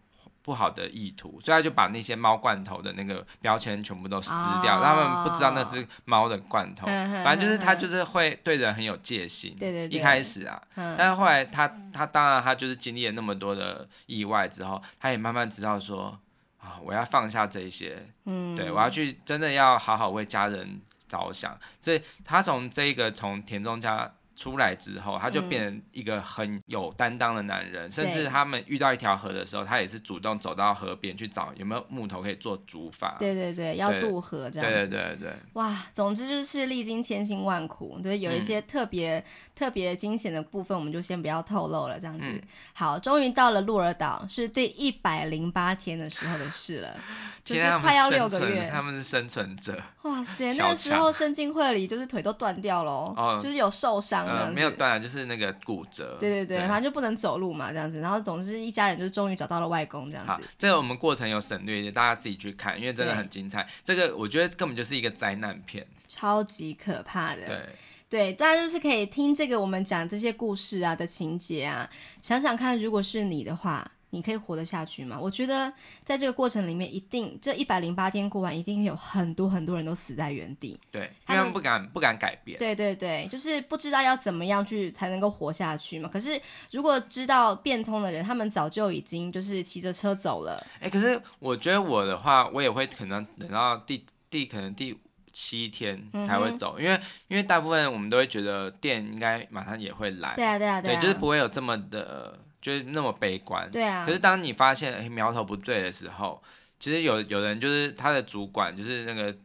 不好的意圖，所以他就把那些貓罐頭的那個標籤全部都撕掉，哦、他們不知道那是貓的罐頭。哦、反正就是他就是會對人很有戒心。哦、一開始啊，對對對嗯、但是後來他他當然他就是經歷了那麼多的意外之後，他也慢慢知道說啊、哦，我要放下這些，嗯、對，我要去真的要好好為家人着想。所以他從這個從田中家。出來之後，他就變成一個很有擔當的男人。嗯、甚至他們遇到一條河的時候，對，他也是主動走到河邊去找有沒有木頭可以做竹筏。對對對，對要渡河這樣子。對對對，對哇，總之就是歷經千辛萬苦，對、就是，有一些特別、嗯。特別驚險的部分，我們就先不要透露了。這樣子，好，終於到了鹿兒島，是第一百零八天的時候的事了，就是快要六個月。他們是生存者。哇塞，那個時候深津繪里就是腿都斷掉了，哦，就是有受傷的，沒有斷，就是那個骨折。對對對，反正就不能走路嘛，這樣子。然後，總之一家人就是終於找到了外公，這樣子。這個我們過程有省略一點，大家自己去看，因為真的很精彩。這個我覺得根本就是一個災難片，超級可怕的。對。對，大家就是可以聽這個，我們講這些故事啊的情節啊，想想看，如果是你的話，你可以活得下去嗎？我覺得在這個過程裡面，一定這一百零八天過完，一定有很多很多人都死在原地。對，因為他們能不敢不敢改變。對對對，就是不知道要怎麼樣去才能夠活下去嘛。可是如果知道變通的人，他們早就已經就是騎着車走了。哎，可是我覺得我的話，我也會可能等到第第可能第。七天才會走。嗯哼，因為因為大部分我們都會覺得電應該馬上也會來，對，就是不會有這麼的，就是那麼悲觀，啊、可是當你發現欸、苗頭不對的時候，其實有有人就是他的主管就是那個。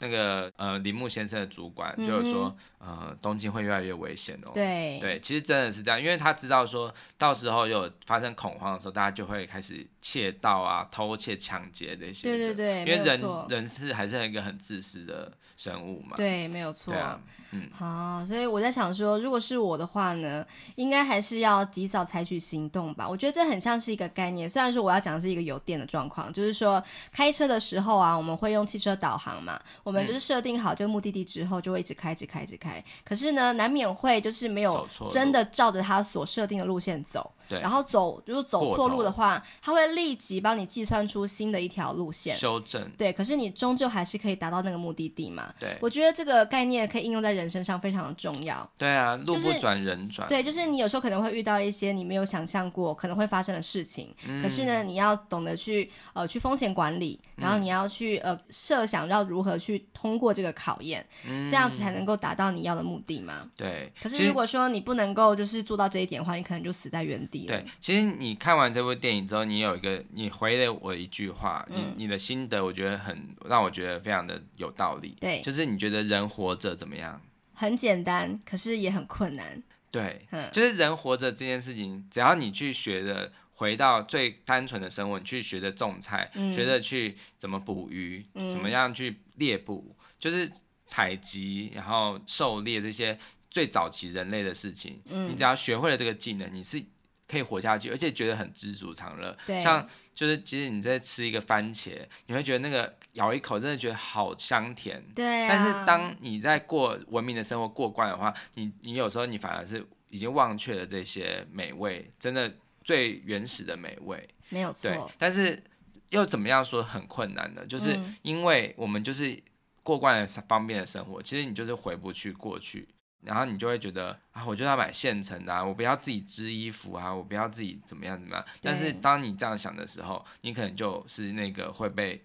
那個呃，鈴木先生的主管就是說，嗯、哼呃，東京會越來越危險哦。對對，其實真的是這樣，因為他知道說到時候有發生恐慌的時候，大家就會開始竊盜啊、偷竊、搶劫這些的。對對對，因為人人是還是一個很自私的。生物嘛，對，沒有錯。啊、嗯，好，所以我在想說，如果是我的話呢，應該還是要及早採取行動吧。我覺得這很像是一個概念，雖然說我要講的是一個有電的狀況，就是說開車的時候啊，我們會用汽車導航嘛，我們就是設定好這個目的地之後，就會一直開一直開一直開。可是呢，難免會就是沒有真的照着它所設定的路線走，對然後走，如果、就是走錯路的話，它頭會立即幫你計算出新的一條路線，修正。對，可是你終究還是可以達到那個目的地嘛。對，我覺得這個概念可以應用在人身上，非常的重要。對啊，路不轉人轉，就是。對，就是你有時候可能會遇到一些你沒有想象過可能會發生的事情，嗯、可是呢，你要懂得去呃去風險管理，然後你要去、嗯、呃設想要如何去通過這個考驗，嗯、這樣子才能夠達到你要的目的嘛。對。可是如果說你不能夠就是做到這一點的話，你可能就死在原地。對，其實你看完這部電影之後，你有一個你回了我一句話，嗯、你你的心得，我覺得很讓我覺得非常的有道理。對，就是你覺得人活着怎麼樣？很簡單，可是也很困難。對，嗯、就是人活着這件事情，只要你去學着回到最單純的生活，你去學着種菜，學着去怎麼捕魚，怎、嗯、麼樣去獵捕，嗯、就是採集，然後狩獵這些最早期人類的事情。嗯、你只要學會了這個技能，你是。可以活下去，而且覺得很知足常樂。對，像就是其實你在吃一個番茄，你會覺得那個咬一口真的覺得好香甜。對啊。但是當你在過文明的生活過慣的話，你你有時候你反而是已經忘卻了這些美味，真的最原始的美味。沒有錯。對，但是又怎麼樣說很困難呢？就是因為我們就是過慣了方便的生活，其實你就是回不去過去。然後你就會覺得啊，我就要買現成的啊，我不要自己織衣服啊，我不要自己怎麼樣怎麼樣。對但是當你這樣想的時候，你可能就是那個會被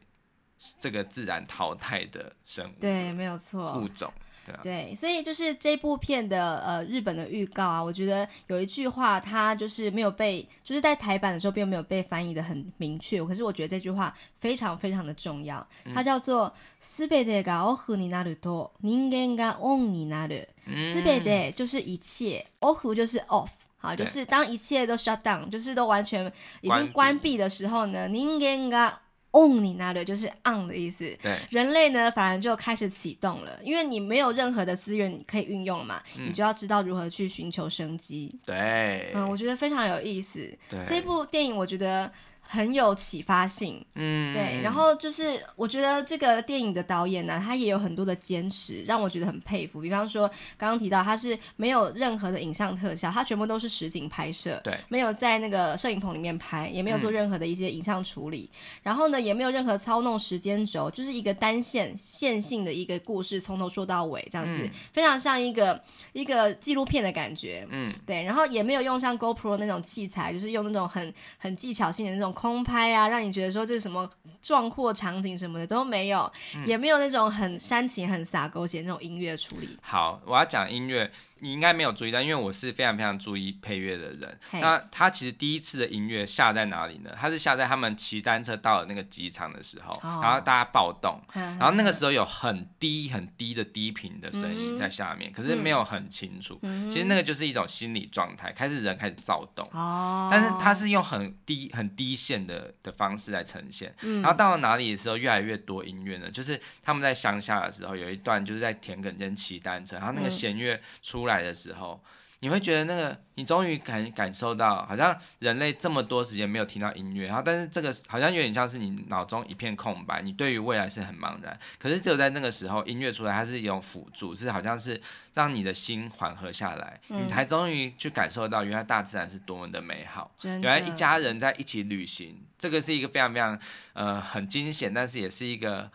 這個自然淘汰的生物、物。對，沒有錯，物種。對，啊、對，所以就是這部片的呃、日本的預告啊，我覺得有一句話，它就是沒有被，就是在台版的時候並沒有被翻譯得很明確。可是我覺得這句話非常非常的重要，它叫做“すべ、嗯、てが OFF になると、人間が ON になる”嗯。すべて就是一切，哦吼就是 OFF，好，就是當一切都 shut down，對就是都完全已經關閉的時候呢，閉人間が嗯，你拿的就是 on、嗯、的意思，對人類呢反而就開始啟動了，因為你沒有任何的資源你可以運用嘛，嗯、你就要知道如何去尋求生機。對，嗯，我覺得非常有意思。對這部電影我覺得。很有啟發性，嗯，對。然後就是，我覺得這個電影的導演呢、啊，他也有很多的堅持，讓我覺得很佩服。比方說，剛剛提到他是沒有任何的影像特效，他全部都是實景拍攝，對，沒有在那個攝影棚裡面拍，也沒有做任何的一些影像處理。嗯、然後呢，也沒有任何操弄時間軸，就是一個單線線性的一個故事，從頭說到尾這樣子，嗯、非常像一個一個紀錄片的感覺，嗯，對。然後也沒有用上 GoPro 那種器材，就是用那種很很技巧性的那種。空拍啊，讓你覺得說這是什麼壯闊場景什麼的都沒有，嗯、也沒有那種很煽情、很灑狗血那種音樂處理。好，我要講音樂。你應該沒有注意到，因為我是非常非常注意配樂的人。Hey. 那他其實第一次的音樂下在哪裡呢？他是下在他們騎單車到了那個機場的時候，oh. 然後大家暴動，Hey. 然後那個時候有很低很低的低頻的聲音在下面，mm hmm. 可是沒有很清楚。Mm hmm. 其實那個就是一種心理狀態，開始人開始躁動。Oh. 但是他是用很低很低線的的方式來呈現。Mm hmm. 然後到了哪裡的時候越來越多音樂呢？就是他們在鄉下的時候有一段就是在田埂間騎單車，然後那個弦樂出來。來的時候，你會覺得那個，你終於感感受到，好像人類這麼多時間沒有聽到音樂，然後但是這個好像有點像是你腦中一片空白，你對於未來是很茫然。可是只有在那個時候，音樂出來，它是一種輔助，是好像是讓你的心緩和下來，嗯，你才終於去感受到原來大自然是多麼的美好。的原來一家人在一起旅行，這個是一個非常非常呃很驚險，但是也是一個。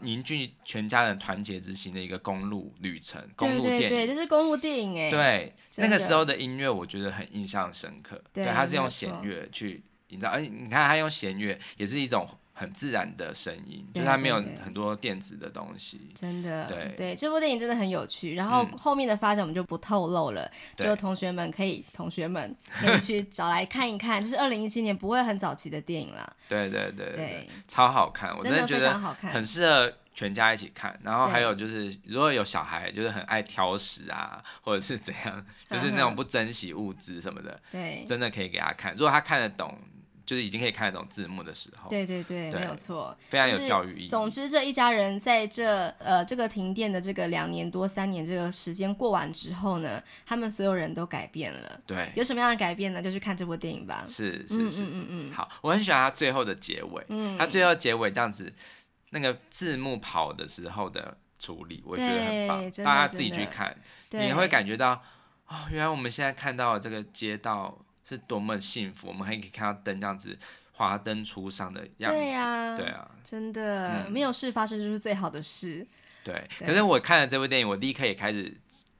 凝聚全家人團結之心的一個公路旅程，公路電影，對，對，對，這是公路電影哎、欸。對，的那個時候的音樂我覺得很印象深刻。對，他是用弦樂去營造，而且沒錯你、欸、你看他用弦樂也是一種。很自然的聲音，就它沒有很多電子的東西。真的，對對，這部電影真的很有趣。然後後面的發展我們就不透露了，就同學們可以，同學們可以去找來看一看，就是二零一七年不會很早期的電影啦。對對對，超好看，我真的覺得很適合全家一起看。然後還有就是，如果有小孩就是很愛挑食啊，或者是怎樣，就是那種不珍惜物資什麼的，對，真的可以給他看。如果他看得懂。就是已經可以看得懂字幕的時候，對對對，對，沒有錯，非常有教育意義。總之，這一家人在這呃這個停電的這個兩年多三年這個時間過完之後呢，他們所有人都改變了。對，有什麼樣的改變呢？就去看這部電影吧。是是是，嗯嗯，嗯嗯好，我很喜歡他最後的結尾。嗯，他最後結尾這樣子，那個字幕跑的時候的處理，我覺得很棒。對大家自己去看，真的真的，你會感覺到對哦，原來我們現在看到這個街道。是多麼的幸福，我們還可以看到燈這樣子，華燈初上的樣子，對啊，對啊，真的、嗯、沒有事發生就是最好的事，對。對，可是我看了這部電影，我立刻也開始。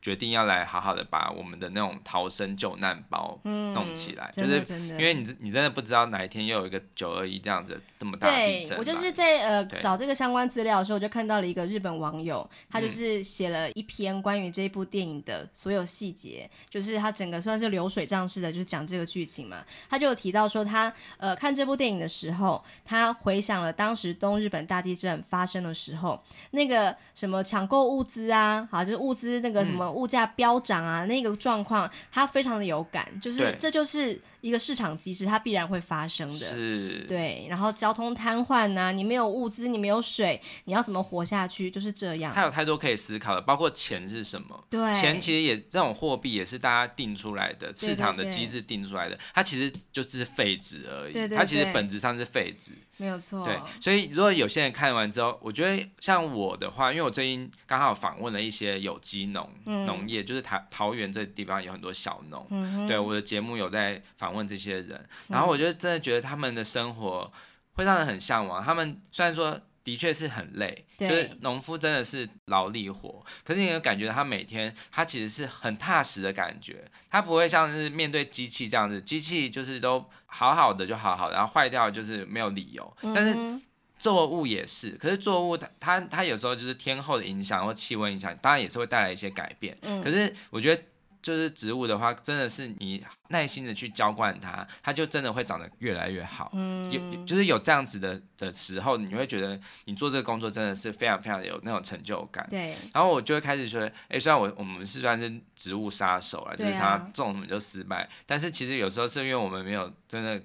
決定要來好好的把我們的那種逃生救難包弄起來，嗯、真的就是因為你你真的不知道哪一天又有一個九二一這樣子這麼大的地震。對，我就是在呃找這個相關資料的時候，我就看到了一個日本網友，對他就是寫了一篇關於這部電影的所有細節，嗯、就是他整個算是流水賬式的，就講、是、這個劇情嘛。他就有提到說他，他呃看這部電影的時候，他回想了當時東日本大地震發生的時候，那個什麼搶購物資啊，好啊就是物資那個什麼、嗯。物價飆漲啊，那個狀況，他非常的有感，就是對這就是。一個市場機制，它必然會發生的是，對，然後交通癱瘓吶、啊,你沒有物資，你沒有水,你要怎麼活下去？就是這樣。他有太多可以思考的,包括錢是什麼？對，錢其實也這種貨幣也是大家定出來的,市場的機制定出來的,對對對，它其實就是廢紙而已。對，對，對，它其實本質上是廢紙，沒有錯。對，所以如果有些人看完之後，我覺得像我的話,因為我最近剛好訪問了一些有機農、嗯、農業，就是桃桃園這地方有很多小農,嗯、哼對我的節目有在訪問。問這些人，然後我就真的覺得他們的生活會讓人很向往。他們雖然說的確是很累，對就是農夫真的是勞力活，可是你有感覺他每天他其實是很踏實的感覺，他不會像是面對機器這樣子，機器就是都好好的就好好的，然後壞掉就是沒有理由。但是作物也是，可是作物他它它有時候就是天候的影響或氣溫影響，當然也是會帶來一些改變。可是我覺得。就是植物的話，真的是你耐心的去澆灌它，它就真的會長得越來越好。嗯，有就是有這樣子的的時候，你會覺得你做這個工作真的是非常非常有那種成就感。對。然後我就會開始覺得，哎、欸，雖然我我們是算是植物殺手啊，就是它種什麼就失敗，啊、但是其實有時候是因為我們沒有真的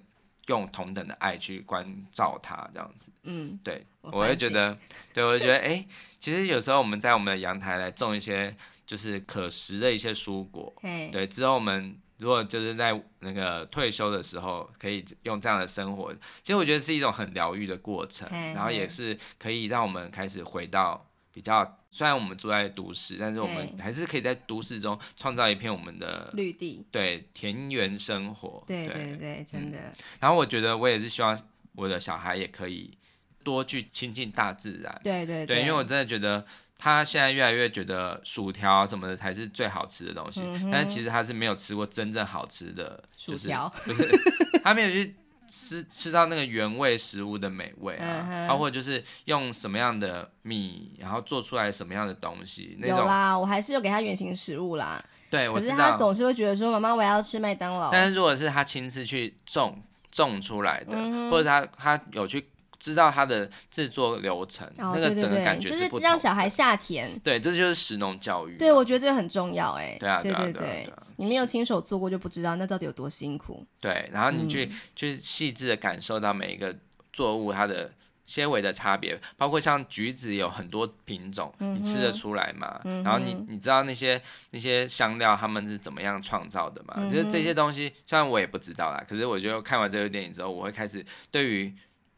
用同等的愛去關照它，這樣子。嗯對。對，我會覺得，對我會覺得，哎、欸，其實有時候我們在我們的陽台來種一些。就是可食的一些蔬果。Hey. 對。之後我們如果就是在那個退休的時候，可以用這樣的生活，其實我覺得是一種很療癒的過程，Hey. 然後也是可以讓我們開始回到比較，雖然我們住在都市，但是我們還是可以在都市中創造一片我們的綠地，Hey. 對，田園生活。對對對，真的 Hey.、嗯。然後我覺得我也是希望我的小孩也可以多去親近大自然，Hey. 對對對，因為我真的覺得。他現在越來越覺得薯條、啊、什麼的才是最好吃的東西，嗯、哼但是其實他是沒有吃過真正好吃的薯條條，不、就是 他沒有去吃吃到那個原味食物的美味啊，包括，嗯哼啊、就是用什麼樣的米，然後做出來什麼樣的東西。那種有啦，我還是有給他原型食物啦。對，我知道，可是他總是會覺得說，媽媽我要吃麥當勞。但是如果是他親自去種種出來的，嗯、哼或者他他有去。知道它的製作流程，那個整個感覺就是讓小孩下田。對，這就是食農教育。對，我覺得這個很重要哎。對啊，對啊，對對，你沒有親手做過就不知道那到底有多辛苦。對，然後你去去細緻的感受到每一個作物它的纖維的差別，包括像橘子有很多品種，你吃得出來嗎？然後你你知道那些那些香料他們是怎麼樣創造的嘛？就是這些東西，雖然我也不知道啦，可是我就看完這部電影之後，我會開始對於。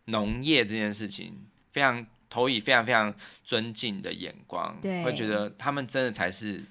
農業這件事情非常投以非常非常尊敬的眼光，對會覺得他們真的才是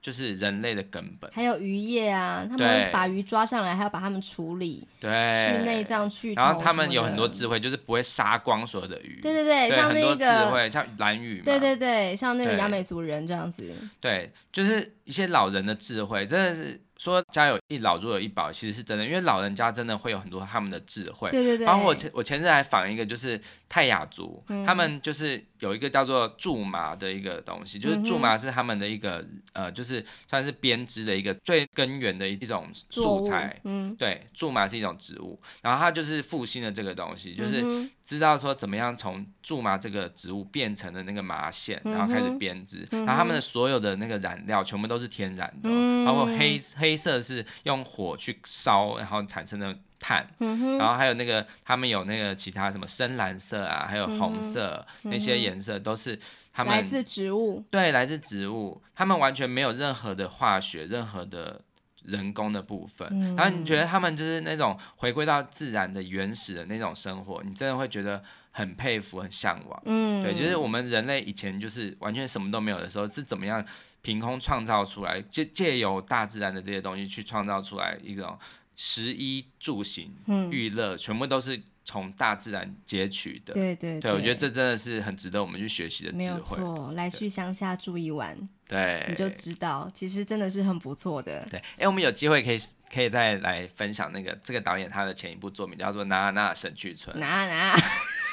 就是人類的根本。還有漁業啊，他們會把魚抓上來，對還要把他們處理，對去內臟去。然後他們有很多智慧，就是不會殺光所有的魚。對對對，對像那個智慧，像蘭嶼嘛。對對對，像那個雅美族人這樣子對。對，就是一些老人的智慧，真的是。說家有一老，如有一寶，其實是真的，因為老人家真的會有很多他們的智慧。對對對，包括我前我前陣還訪一個，就是泰雅族，嗯、哼他們就是有一個叫做苎麻的一個東西，就是苎麻是他們的一個呃，就是算是編織的一個最根源的一種素材。嗯、對，苎麻是一種植物，然後他就是復興了這個東西，就是知道說怎麼樣從苎麻這個植物變成了那個麻線，然後開始編織。嗯、哼然後他們的所有的那個染料全部都是天然的，嗯、哼包括黑黑。嗯黑色是用火去燒，然後產生的碳。嗯、哼然後還有那個他們有那個其他什麼深藍色啊，嗯、哼還有紅色、嗯、哼那些顏色都是他們來自植物，對，來自植物，他們完全沒有任何的化學，任何的人工的部分。嗯、然後你覺得他們就是那種回歸到自然的原始的那種生活，你真的會覺得很佩服，很向往。嗯，對，就是我們人類以前就是完全什麼都沒有的時候是怎麼樣？憑空創造出來，就借由大自然的這些東西去創造出來一種食衣住行、嗯、娛樂，全部都是從大自然截取的。對對對，對，我覺得這真的是很值得我們去學習的智慧。沒有錯，來去鄉下住一晚，對，對、欸，你就知道，其實真的是很不錯的。對，哎、欸，我們有機會可以可以再來分享那個這個導演他的前一部作品，叫做《哪啊哪啊神去村》。哪啊、哪啊。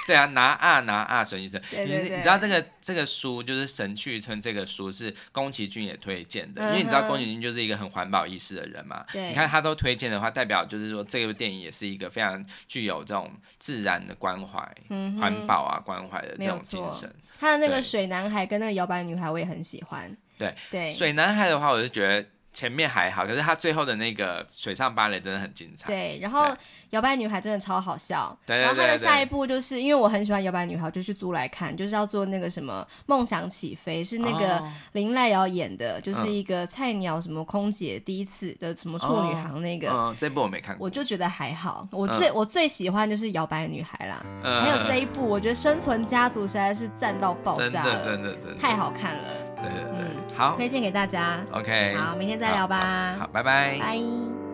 對啊，哪啊哪啊！神去村，你對對對，你知道這個這個書就是《神去村》這個書是宮崎駿也推薦的，嗯、哼因為你知道宮崎駿就是一個很環保意識的人嘛。對你看他都推薦的話，代表就是說這部電影也是一個非常具有這種自然的關懷、嗯、哼環保啊關懷的這種精神有。他的那個水男孩跟那個搖擺女孩我也很喜歡。對對，對對對，水男孩的話，我就覺得。前面還好，可是他最後的那個水上芭蕾真的很精彩。對，然後《搖擺女孩》真的超好笑。對對對對，然後他的下一部就是，因為我很喜歡《搖擺女孩》，就去租來看，就是要做那個什麼夢想起飛，哦、是那個綾瀨遙演的，就是一個菜鳥什麼空姐，第一次的什麼處女航那個。嗯、哦哦，這一部我沒看過，我就覺得還好。我最我最喜歡就是《搖擺女孩》啦，嗯、還有這一部，我覺得《生存家族》實在是讚到爆炸了，真的真的真的太好看了。對對對，嗯、好，推薦給大家。OK，嗯、好，明天再聊吧。好，拜拜。拜。Bye bye bye bye。